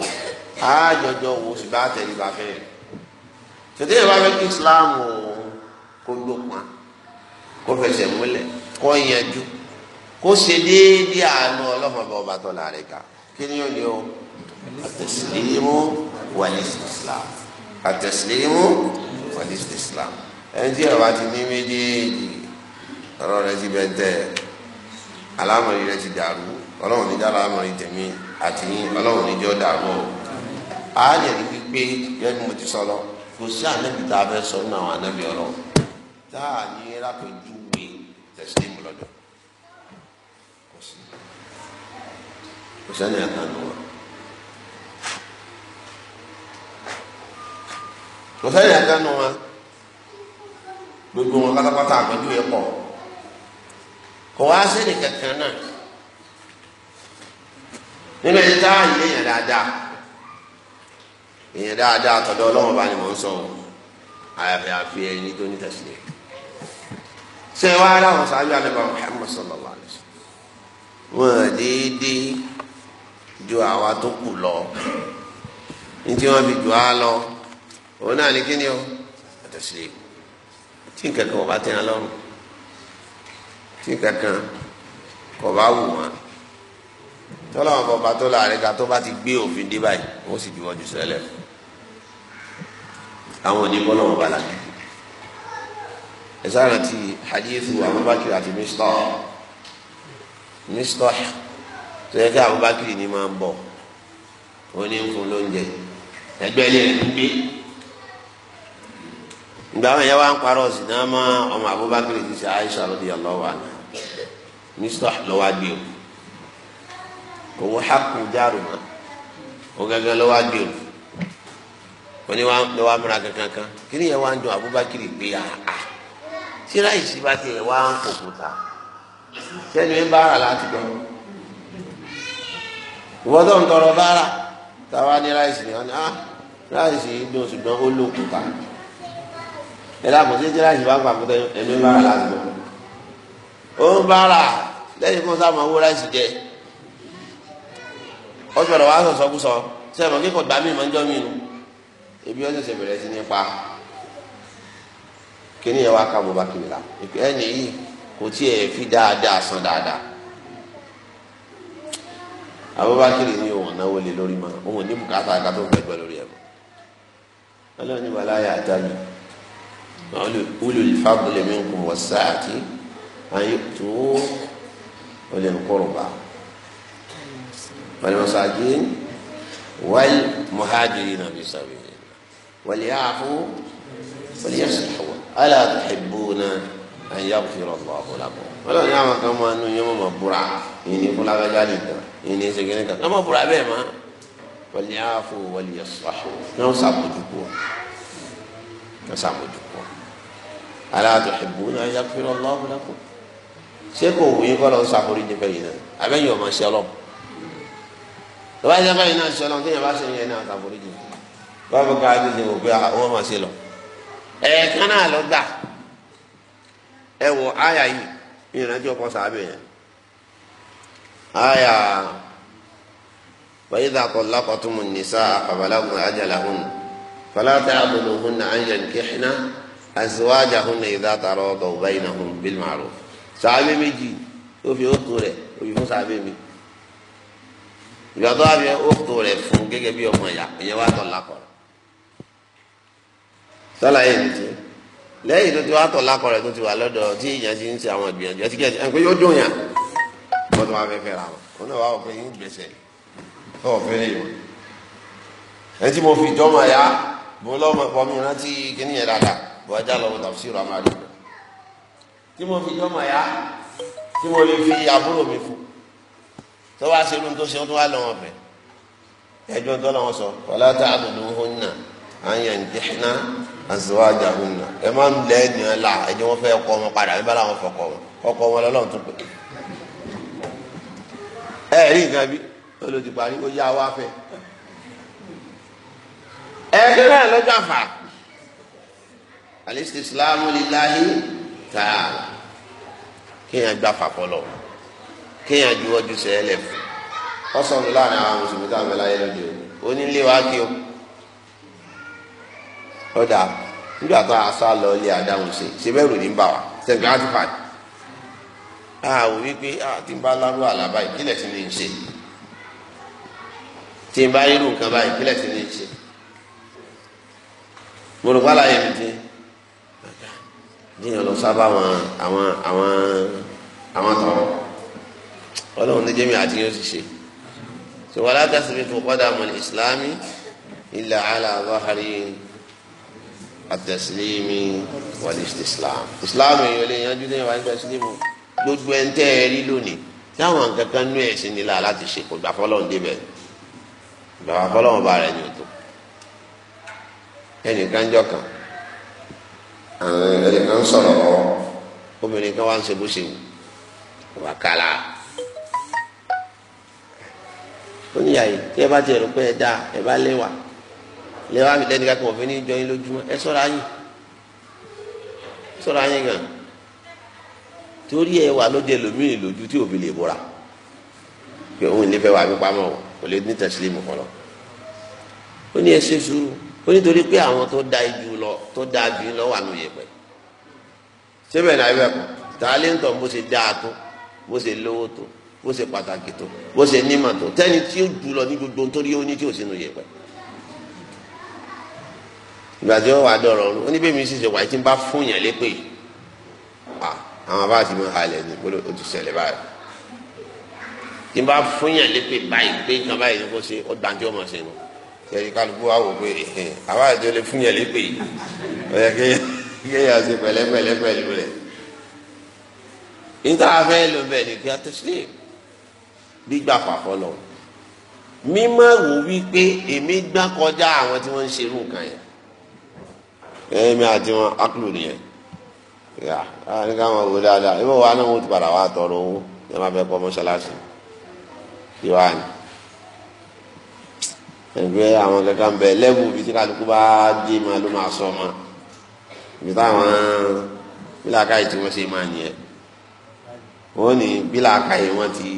àjọjọ wò sì bá tẹ̀lé bá fẹ́ tètè yẹn bá fẹ́ kí Islam kó gbókun kó fẹsẹ̀ múlẹ̀ kó yanjú kó ṣe déédéé àánú ọlọ́mọ bá ọba tọ́lá rẹ̀ ká kí ni yóò ní o àtẹ̀sílẹ́mú wàlísìlám àtẹ̀sílẹ́mú wàlísìlám ẹni tí ọba ti ní méjèèjì ọ̀rọ̀ rẹ̀ ti bẹ̀ tẹ̀ alámọ̀rí rẹ̀ ti dàrú ọlọ́run ní dára alámọ̀rí tẹ̀mí àti ọlọ́run ní jọ́ dàrú ọ̀ àádẹ́rì wípé yẹ́nì mo ti sọ lọ kò sí ànábì tá a fẹ́ sọ nínú àwọn ànábì ọlọ́run tá a ní rákòjú kò sani àkànú wọn kò sani àkànú wọn gbogbo wọn pátápátá àpéjú yẹ pọ kò wá sẹ́ni kankan náà nínú ẹni tá a yẹ èèyàn dáadáa èèyàn dáadáa tọ̀dọ̀ Ọlọ́run bá ní mò ń sọ ọ àyàfi àfi ẹni tó ní tẹsílẹ ṣé wàá láwọn sáájú alẹ́ bá Muhammad sallallahu alaihi wasallam wọn déédéé ju àwa tó kù lọ ní tí wọ́n fi ju á lọ òun náà ní kíni o àtọ̀ sílẹ̀ ìbò tí nǹkan kan ọba tẹ̀ ẹ́ lọ́rùn tí nǹkan kan kọ̀ bá wù wọ́n tọ́lá wọn tó la àríkà tó bá ti gbé òfin dé báyìí wọ́n sì juwọ́ ju sẹ́lẹ̀ àwọn onígbọ́n náà wọ́n bá la dùn ẹ̀ sáà Abubakar àti Mistah Mistah. sọyẹ kí abubakar ni máa ń bọ̀ ó ní fún lóúnjẹ ẹgbẹ́ ní rẹ̀ ń gbé ìgbà wọn yẹn wá ń sí náà ọmọ abubakar ti ṣe aisha mr o òun hakùn ma o o ni ní lọ́wọ́ kankan kí ni yẹn wá ń jọ abubakar gbé a ti yẹn wá ń ara láti ìwọ́n tó ń tọrọ báárà táwa ní ráìsì ni wọ́n ní ah, ráìsì yìí ṣùgbọ́n ó ló kúta ẹ dàpọ̀ sí ti ráìsì bá ń ẹ̀mí láti ó ń báárà lẹ́yìn kó sáà máa wó ráìsì jẹ ọjọ́ rẹ̀ wàá sọ̀sọ́ kú sọ kíkọ̀ gbà mí ebi ọjọ́ ṣe bẹ̀rẹ̀ sí ní pa kíní yẹn wá bá Abubakar ni òun náwó lé lórí ma òun ní bùkátà akátó fẹ́ gbẹ lórí ẹ mọ Ọlọ́run ní wàlá yà dá mi ulul fadli minkum was-sa'ati an yu'tu ulil qurba wal masakin wal muhajirin fi sabilillah wal ya'fu wal yasfahu ala tuhibbuna an yaghfira Allahu lakum ọlọ́run ní àwọn kan máa nú yín mọ̀ búra yín ní fúlágájá nìkan yín ní ṣe kíní kan ọmọ búra bẹ́ẹ̀ mọ́ wọlé àfọ wọlé ẹ̀sọ́ náà sàmójúkú náà sàmójúkú aláàtọ̀ ẹ̀bùn náà yá fẹ́rẹ́ ọlọ́run lẹ́kọ̀ọ́ ṣé kò wù yín kọ́ lọ́ọ́ sàkórí ní bẹ́yìn náà abẹ́yìn ọmọ ṣe ọlọ́m tọ́ba yẹn bá yẹn náà ṣe ọlọ́m téèyàn bá ṣe yẹn náà sàkórí ní ìrántí ọkọ sàábẹ yẹn àyà wàyídà kọlákọtùmù nìsá àfàbàlágùn àjàláhùn fàlàtà àbùdùhùn nà ànyàn kìhìnà àzíwájàhùn nà ìdá tààrọ dọ̀wùbá yìí nà hùn bílmàrú sàábẹ méjì ó fi ó tó rẹ ó fi fún sàábẹ mi ìgbà tó wà fi ó tó rẹ fún gẹ́gẹ́ bí ọmọ ìyá ìyẹn wà tọ̀ lákọ̀ọ́ sálàyé nìyẹn lẹ́yìn tó ti wá tọ̀ lákọ̀ rẹ̀ tó ti wà lọ́dọ̀ tí èèyàn ti ń ṣe àwọn ìgbìyànjú ẹ ti kẹ́ ẹ pé yóò dùn yàn wọ́n tó wá fẹ́ fẹ́ ra wọn òun náà wà wọ́n pé yín gbèsè tọ́wọ́ fẹ́ lè wọ́n ẹ tí mo fi jọ́mọ̀ ya mo lọ́mọ pọ̀ mi rántí kíní yẹn dáadáa bọ́ ajá lọ́wọ́ tàbí sí ìrọ̀ àmàlẹ́ tí mo fi jọ́mọ̀ ya tí mo lè fi àbúrò mi fún tó wá ṣe irú tó ṣe tó wá lọ́wọ́ bẹ̀ ẹjọ́ tó lọ́wọ́ sọ wàlá tá a dùn azọ́wájà hùnà ẹ máa ń lẹ́ ènìyàn la ẹni wọ́n fẹ́ kọ́ wọn padà níbàlá wọn fọkọ wọn ọkọ wọn lọ́lọ́run tún pè é ẹ rí nǹkan bí olùdìbò àrí ó yá wá fẹ́ ẹ kéré náà lọ́jọ́ àfà alẹ́sẹ̀ islámù lillahi ta'ala kéèyàn gbà fàkọlọ kéèyàn ju ọdún sẹ́yìn lẹ́fù ọ̀sán ló láàrin àwọn mùsùlùmí táwọn ẹ̀láyé lóde òní onílé wa kí o ọ̀dà nígbà tá a sá lọ ilé àdáhùn ṣe ṣe bẹ́ẹ̀ ròdì ń bà wá sẹ́gbẹ́ láti fà ní. a ò wí pé a ti ń bá lárú àlábá ìpínlẹ̀ sí ni ń ṣe tí n bá irú nǹkan bá ìpínlẹ̀ sí ni ń ṣe. mo rò pálá yẹn mi ti díyàn lọ sábà àwọn àwọn àwọn àwọn tọrọ ọlọ́run ní jẹ́mi àti yóò ti ṣe. sọ wàlá tẹ̀sí fún kọ́dà mọ́ ìsìlámì ilà àlà àbáhárí yìí àtẹ̀sílẹ́mì wọlé islam islam èèyàn lè yanjú lẹ́yìn wáyé tẹ̀sílẹ́mù gbogbo ẹ̀ ń tẹ́ ẹ rí lónìí táwọn nǹkan kan nú ẹ̀sìn nílá láti ṣe kò gbà fọlọ́run débẹ̀ gbà fọlọ́run bá rẹ̀ ní òtò ẹnìkan jọ kan àwọn ẹnìkan sọ̀rọ̀ lọ́wọ́ obìnrin kan wá ń ṣe bó ṣe wù wà kálá ó níyàyè tí ẹ bá ti rò pé ẹ dáa ẹ bá léwà lẹ́wọ́n àmì lẹ́nu kankan òfin ní jọ yín lójúmọ́ ẹ sọ́ra yín sọ́ra yín gan torí ẹ wà lóde lómìnì lójú tí òbí lè bọ́ra pé òun ní fẹ́ wà mí pamọ́ o kò lè ní tẹ̀sílẹ̀ mọ̀ kọ́lọ́ ó ní ẹ ṣe sùúrù ó nítorí pé àwọn tó da ijú lọ tó da ibi lọ wà nù yẹpẹ síbẹ̀ náà ibẹ̀ kọ́ tàlẹ́ńtọ̀ bó ṣe dáa tó bó ṣe lówó tó bó ṣe pàtàkì tó bó ṣe nímọ̀ tó tẹ́ni tí ó jù lọ ní gbogbo nítorí ó ní tí ò sínú yẹpẹ ìgbàdí wọn wà dọ̀rọ̀ ọ̀run ó ní bẹ́ẹ̀ mi sì ṣe wà tí n bá fún yàn lépè àwọn bá ti mọ halẹ̀ ní gbọ́dọ̀ ó ti ṣẹlẹ̀ báyìí tí n bá fún yàn lépè báyìí pé kan báyìí ni kò ṣe ó gbàǹdí ọmọ ṣe nù ṣẹlẹ̀ kálukú wa wò pé àwa àti olè fún yàn lépè ọ̀yà kéèyàn ṣe pẹ̀lẹ́pẹ̀lẹ́ pẹ̀lú rẹ̀ níta afẹ́ ló bẹ̀ ní kí a tẹ̀ sílẹ̀ gbígbà pàfọ́ lọ mímọ́ wò wí pé èmi gbá kọjá àwọn tí wọ́n ń ṣerú nǹkan yẹn ẹ̀yìn mi àti wọn akulu nìyẹn yà á ní ká máa wò dáadáa ibò wa náà wọ́n ti padà wá tọrọ owó ní wọ́n fẹ́ kọ́ mọ́ṣáláṣí ìwà ni ẹgbẹ́ àwọn kankan bẹ lẹ́bù bí tí kálukú bá dé máa ló máa sọ ọmọ ibi táwọn bílàkàyè tí wọ́n ṣe máa nìyẹn wọ́n ní bílàkàyè wọ́n ti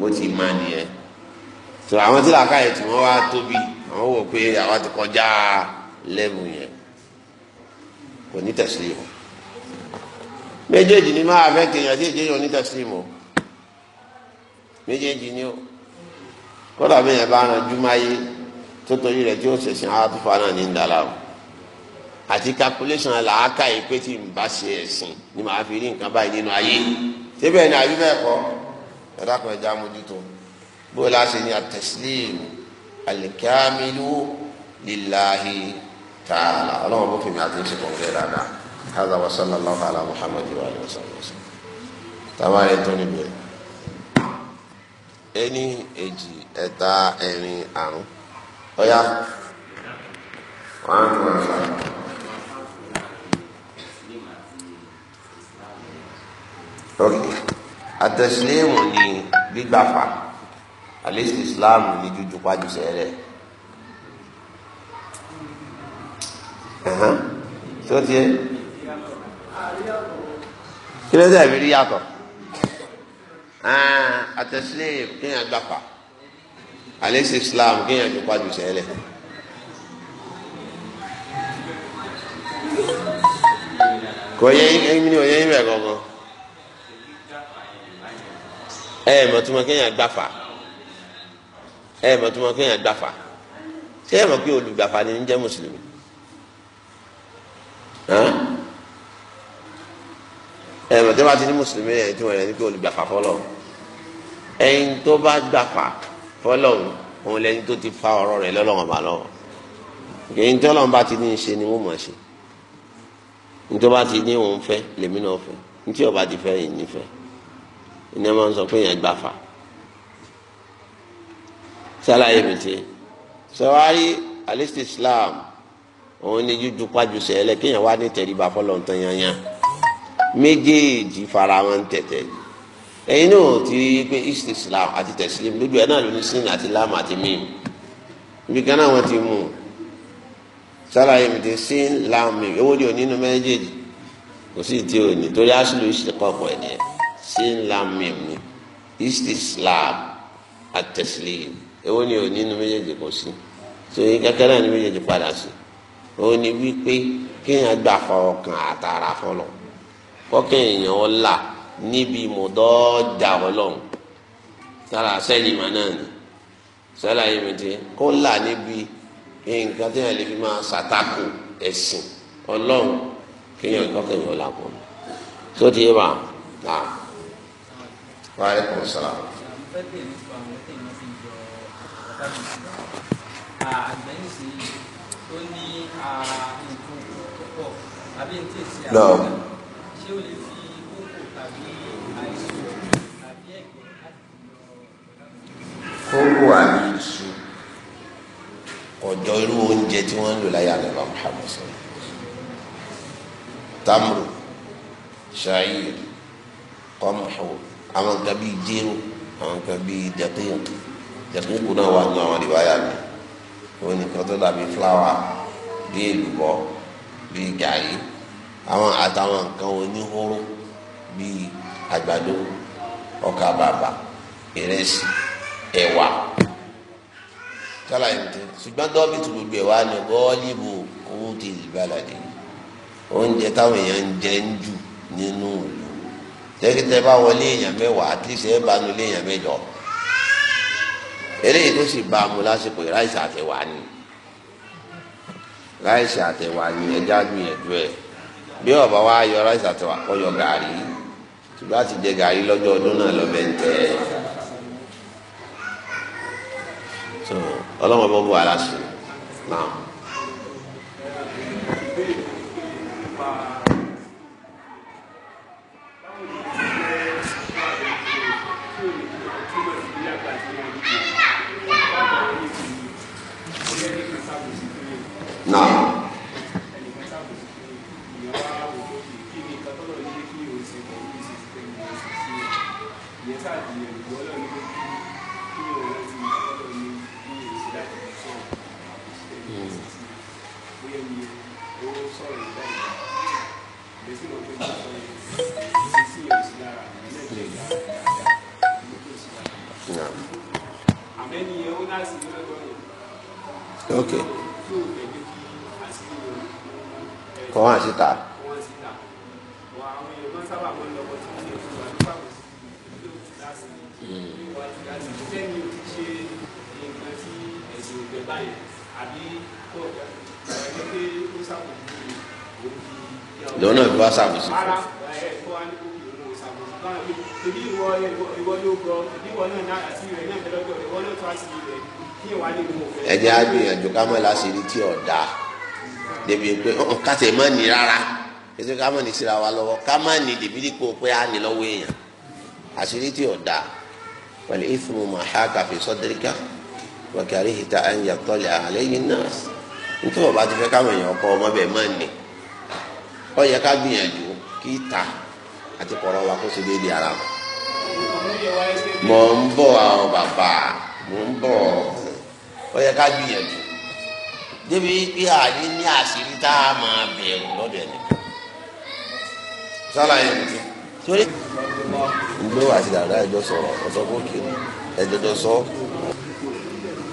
wọ́n ti máa nìyẹn tó àwọn tí làkàyè tí wọ́n wá tóbi àwọn wò pé àwa ti kọjá lẹ́bù yẹn kò ní tẹ̀sílímù méjèèjì ni máa fẹ́ kéèyàn tí èjì yàn ní tẹ̀sílímù méjèèjì ni ó kódà bí yẹn bá ran jùmáyé tó torí rẹ̀ tí ó ṣẹ̀ṣẹ̀ àtúfà náà ní ìdálá o àti calculation làákà yìí pé tí n bá ṣe ẹ̀sìn ni màá fi rí nǹkan báyìí nínú ayé síbẹ̀ ni àbí bẹ́ẹ̀ kọ́ ẹ̀dá kan mójútó bóyá láti ní àtẹ̀sílímù alìkámilú lillahi. tààlà ọlọ́run bó fìmí àti ìṣe kọ̀ọ̀kẹ́ dáadáa hàdà wa sallallahu muhammadu wa alayhi wa sallam tàbá rẹ̀ tó níbi rẹ̀ ẹni èjì ẹ̀ta tó tiẹ̀ kí ló dé ìrírí yàtọ̀ àtẹ̀sílẹ̀ kéèyàn gbàpà alẹ́ Islam kéèyàn tó pàjù sẹ́lẹ̀. kò yẹ ẹyin ni ò yẹ ẹyin bẹ gangan ẹ mọ̀ tó mọ̀ kéèyàn gbàfà ẹ mọ̀ tó mọ̀ ṣé ẹ ni ń jẹ́ mùsùlùmí ẹ̀rọ tí wọ́n ti ní mùsùlùmí ẹ̀ tí wọ́n yẹn ní pé olùgbàfà fọlọ́ ẹ̀yin tó bá gbàfà fọlọ́ òun lẹ́ni tó ti fa ọ̀rọ̀ rẹ̀ lọ́lọ́wọ́n bá lọ́wọ́ èyí tí Ọlọ́run bá ti ní í ṣe ni wọ́n mọ̀ ṣe ní tó bá ti ní òun fẹ́ lèmi náà fẹ́ ní tí ọba ti fẹ́ yìí nífẹ̀ẹ́ iná máa ń sọ pé èèyàn gbàfà sálàyé mi ti sọ wá rí òun ni jújú pájú sẹ́lẹ̀ kéèyàn wá ní tẹríba fọlọ́ ntàn yanyan méjèèjì fara wọn tẹ̀tẹ̀ yìí ẹ̀yin náà ti rí i pé islam àti tẹ̀sílẹ̀ lójú ẹ̀ náà ló ní sin àti lam àti mim ibi kan náà wọ́n ti mú sálàyé mi ti sin lam mim owó ni òní inú méjèèjì kò sí ti òní torí aṣọ ìṣèkọ̀kọ̀ ẹ̀ nìyẹn sin lam mim ni islam àti tẹ̀sílẹ̀ èwo ni òní inú méjèèjì kò sí so yín náà ni méjèèjì padà sí ó ní kéèyàn gbà atara àtàrà fọlọ kọkẹyìn ọlà níbi mọdọọjà Ọlọ́run tára sẹlìmà náà ni sẹlàyé mi ti kó là níbi nǹkan téèyàn lè fi ma ṣàtàkù ẹsìn Ọlọ́run kéèyàn kọkẹyìn ọlà pọ ti yé wa nà wa àgbẹ̀yìn tó ní nǹkan tó pọ̀ àbí ní tèsí àwọn ṣé o lè fi kókò tàbí àìsàn tàbí ẹ̀gbẹ́ láti iṣu ọ̀dọ́ irú oúnjẹ tí wọ́n ń lò láyé àlọ́ Muhammad sọ tamru sha'ir qamhu àwọn nǹkan bíi jéró àwọn nǹkan bíi daqiq daqiq náà wà nù àwọn ìbáyà mi. ó nìkan tó dàbí fúláwà bí èlùbọ́ bí gàrí àwọn àtàwọn nǹkan oníhóró bí àgbàdo ọkà bàbà ìrẹsì ẹ̀wà sálàyé tó ṣùgbọ́n dọ́bì tó gbogbo ẹ̀wà ni owó ti ìbàlàdé oúnjẹ táwọn èèyàn ń jẹ ń jù nínú ìlú tẹ́kítẹ́ bá wọlé èèyàn mẹ́wàá àti ìṣẹ́ bá èèyàn eléyìí tó sì bá a mú lásìkò ráìsì àtẹwà ni ráìsì àtẹwà ni ẹja gbìyànjú ẹ bí ọba wa yọ ráìsì àtẹwà kọ yọ gàrí ṣùgbọ́n àti jẹ gàrí lọ́jọ́ ọdún náà lọ́bẹ̀ ń tẹ́ ẹ. ọlọ́mọ bọ́ bọ́ aláṣẹ náà. mọ́ láṣìírí tí ò dáa débi pé oh, oh, kásẹ̀ mọ́ ni rárá ètò ká mọ́ ni síra wa lọ́wọ́ ká má ni dèbí dípò pé á ní lọ́wọ́ èèyàn àṣírí tí ò dáa wal ma haka fi sadrika wa karihta an yattali alayhi an-nas nítorí ọba ti fẹ́ káwọn èèyàn kọ́ ọmọ bẹ́ẹ̀ mọ́ ni ó yẹ ká gbìyànjú kí ta àti kọ̀rọ̀ wa kó ṣe déédéé ara wọn. mò ń àwọn bàbá mò ń bọ̀ ó yẹ ká gbìyànjú débi pé àní ní àṣírí tá a máa bẹ̀rù lọ́dọ̀ ẹni. sálà yẹn ti torí. gbé wàá dàda ẹjọ́ sọ̀rọ̀ ọ̀sọ́ kó kiri ẹjọ́ sọ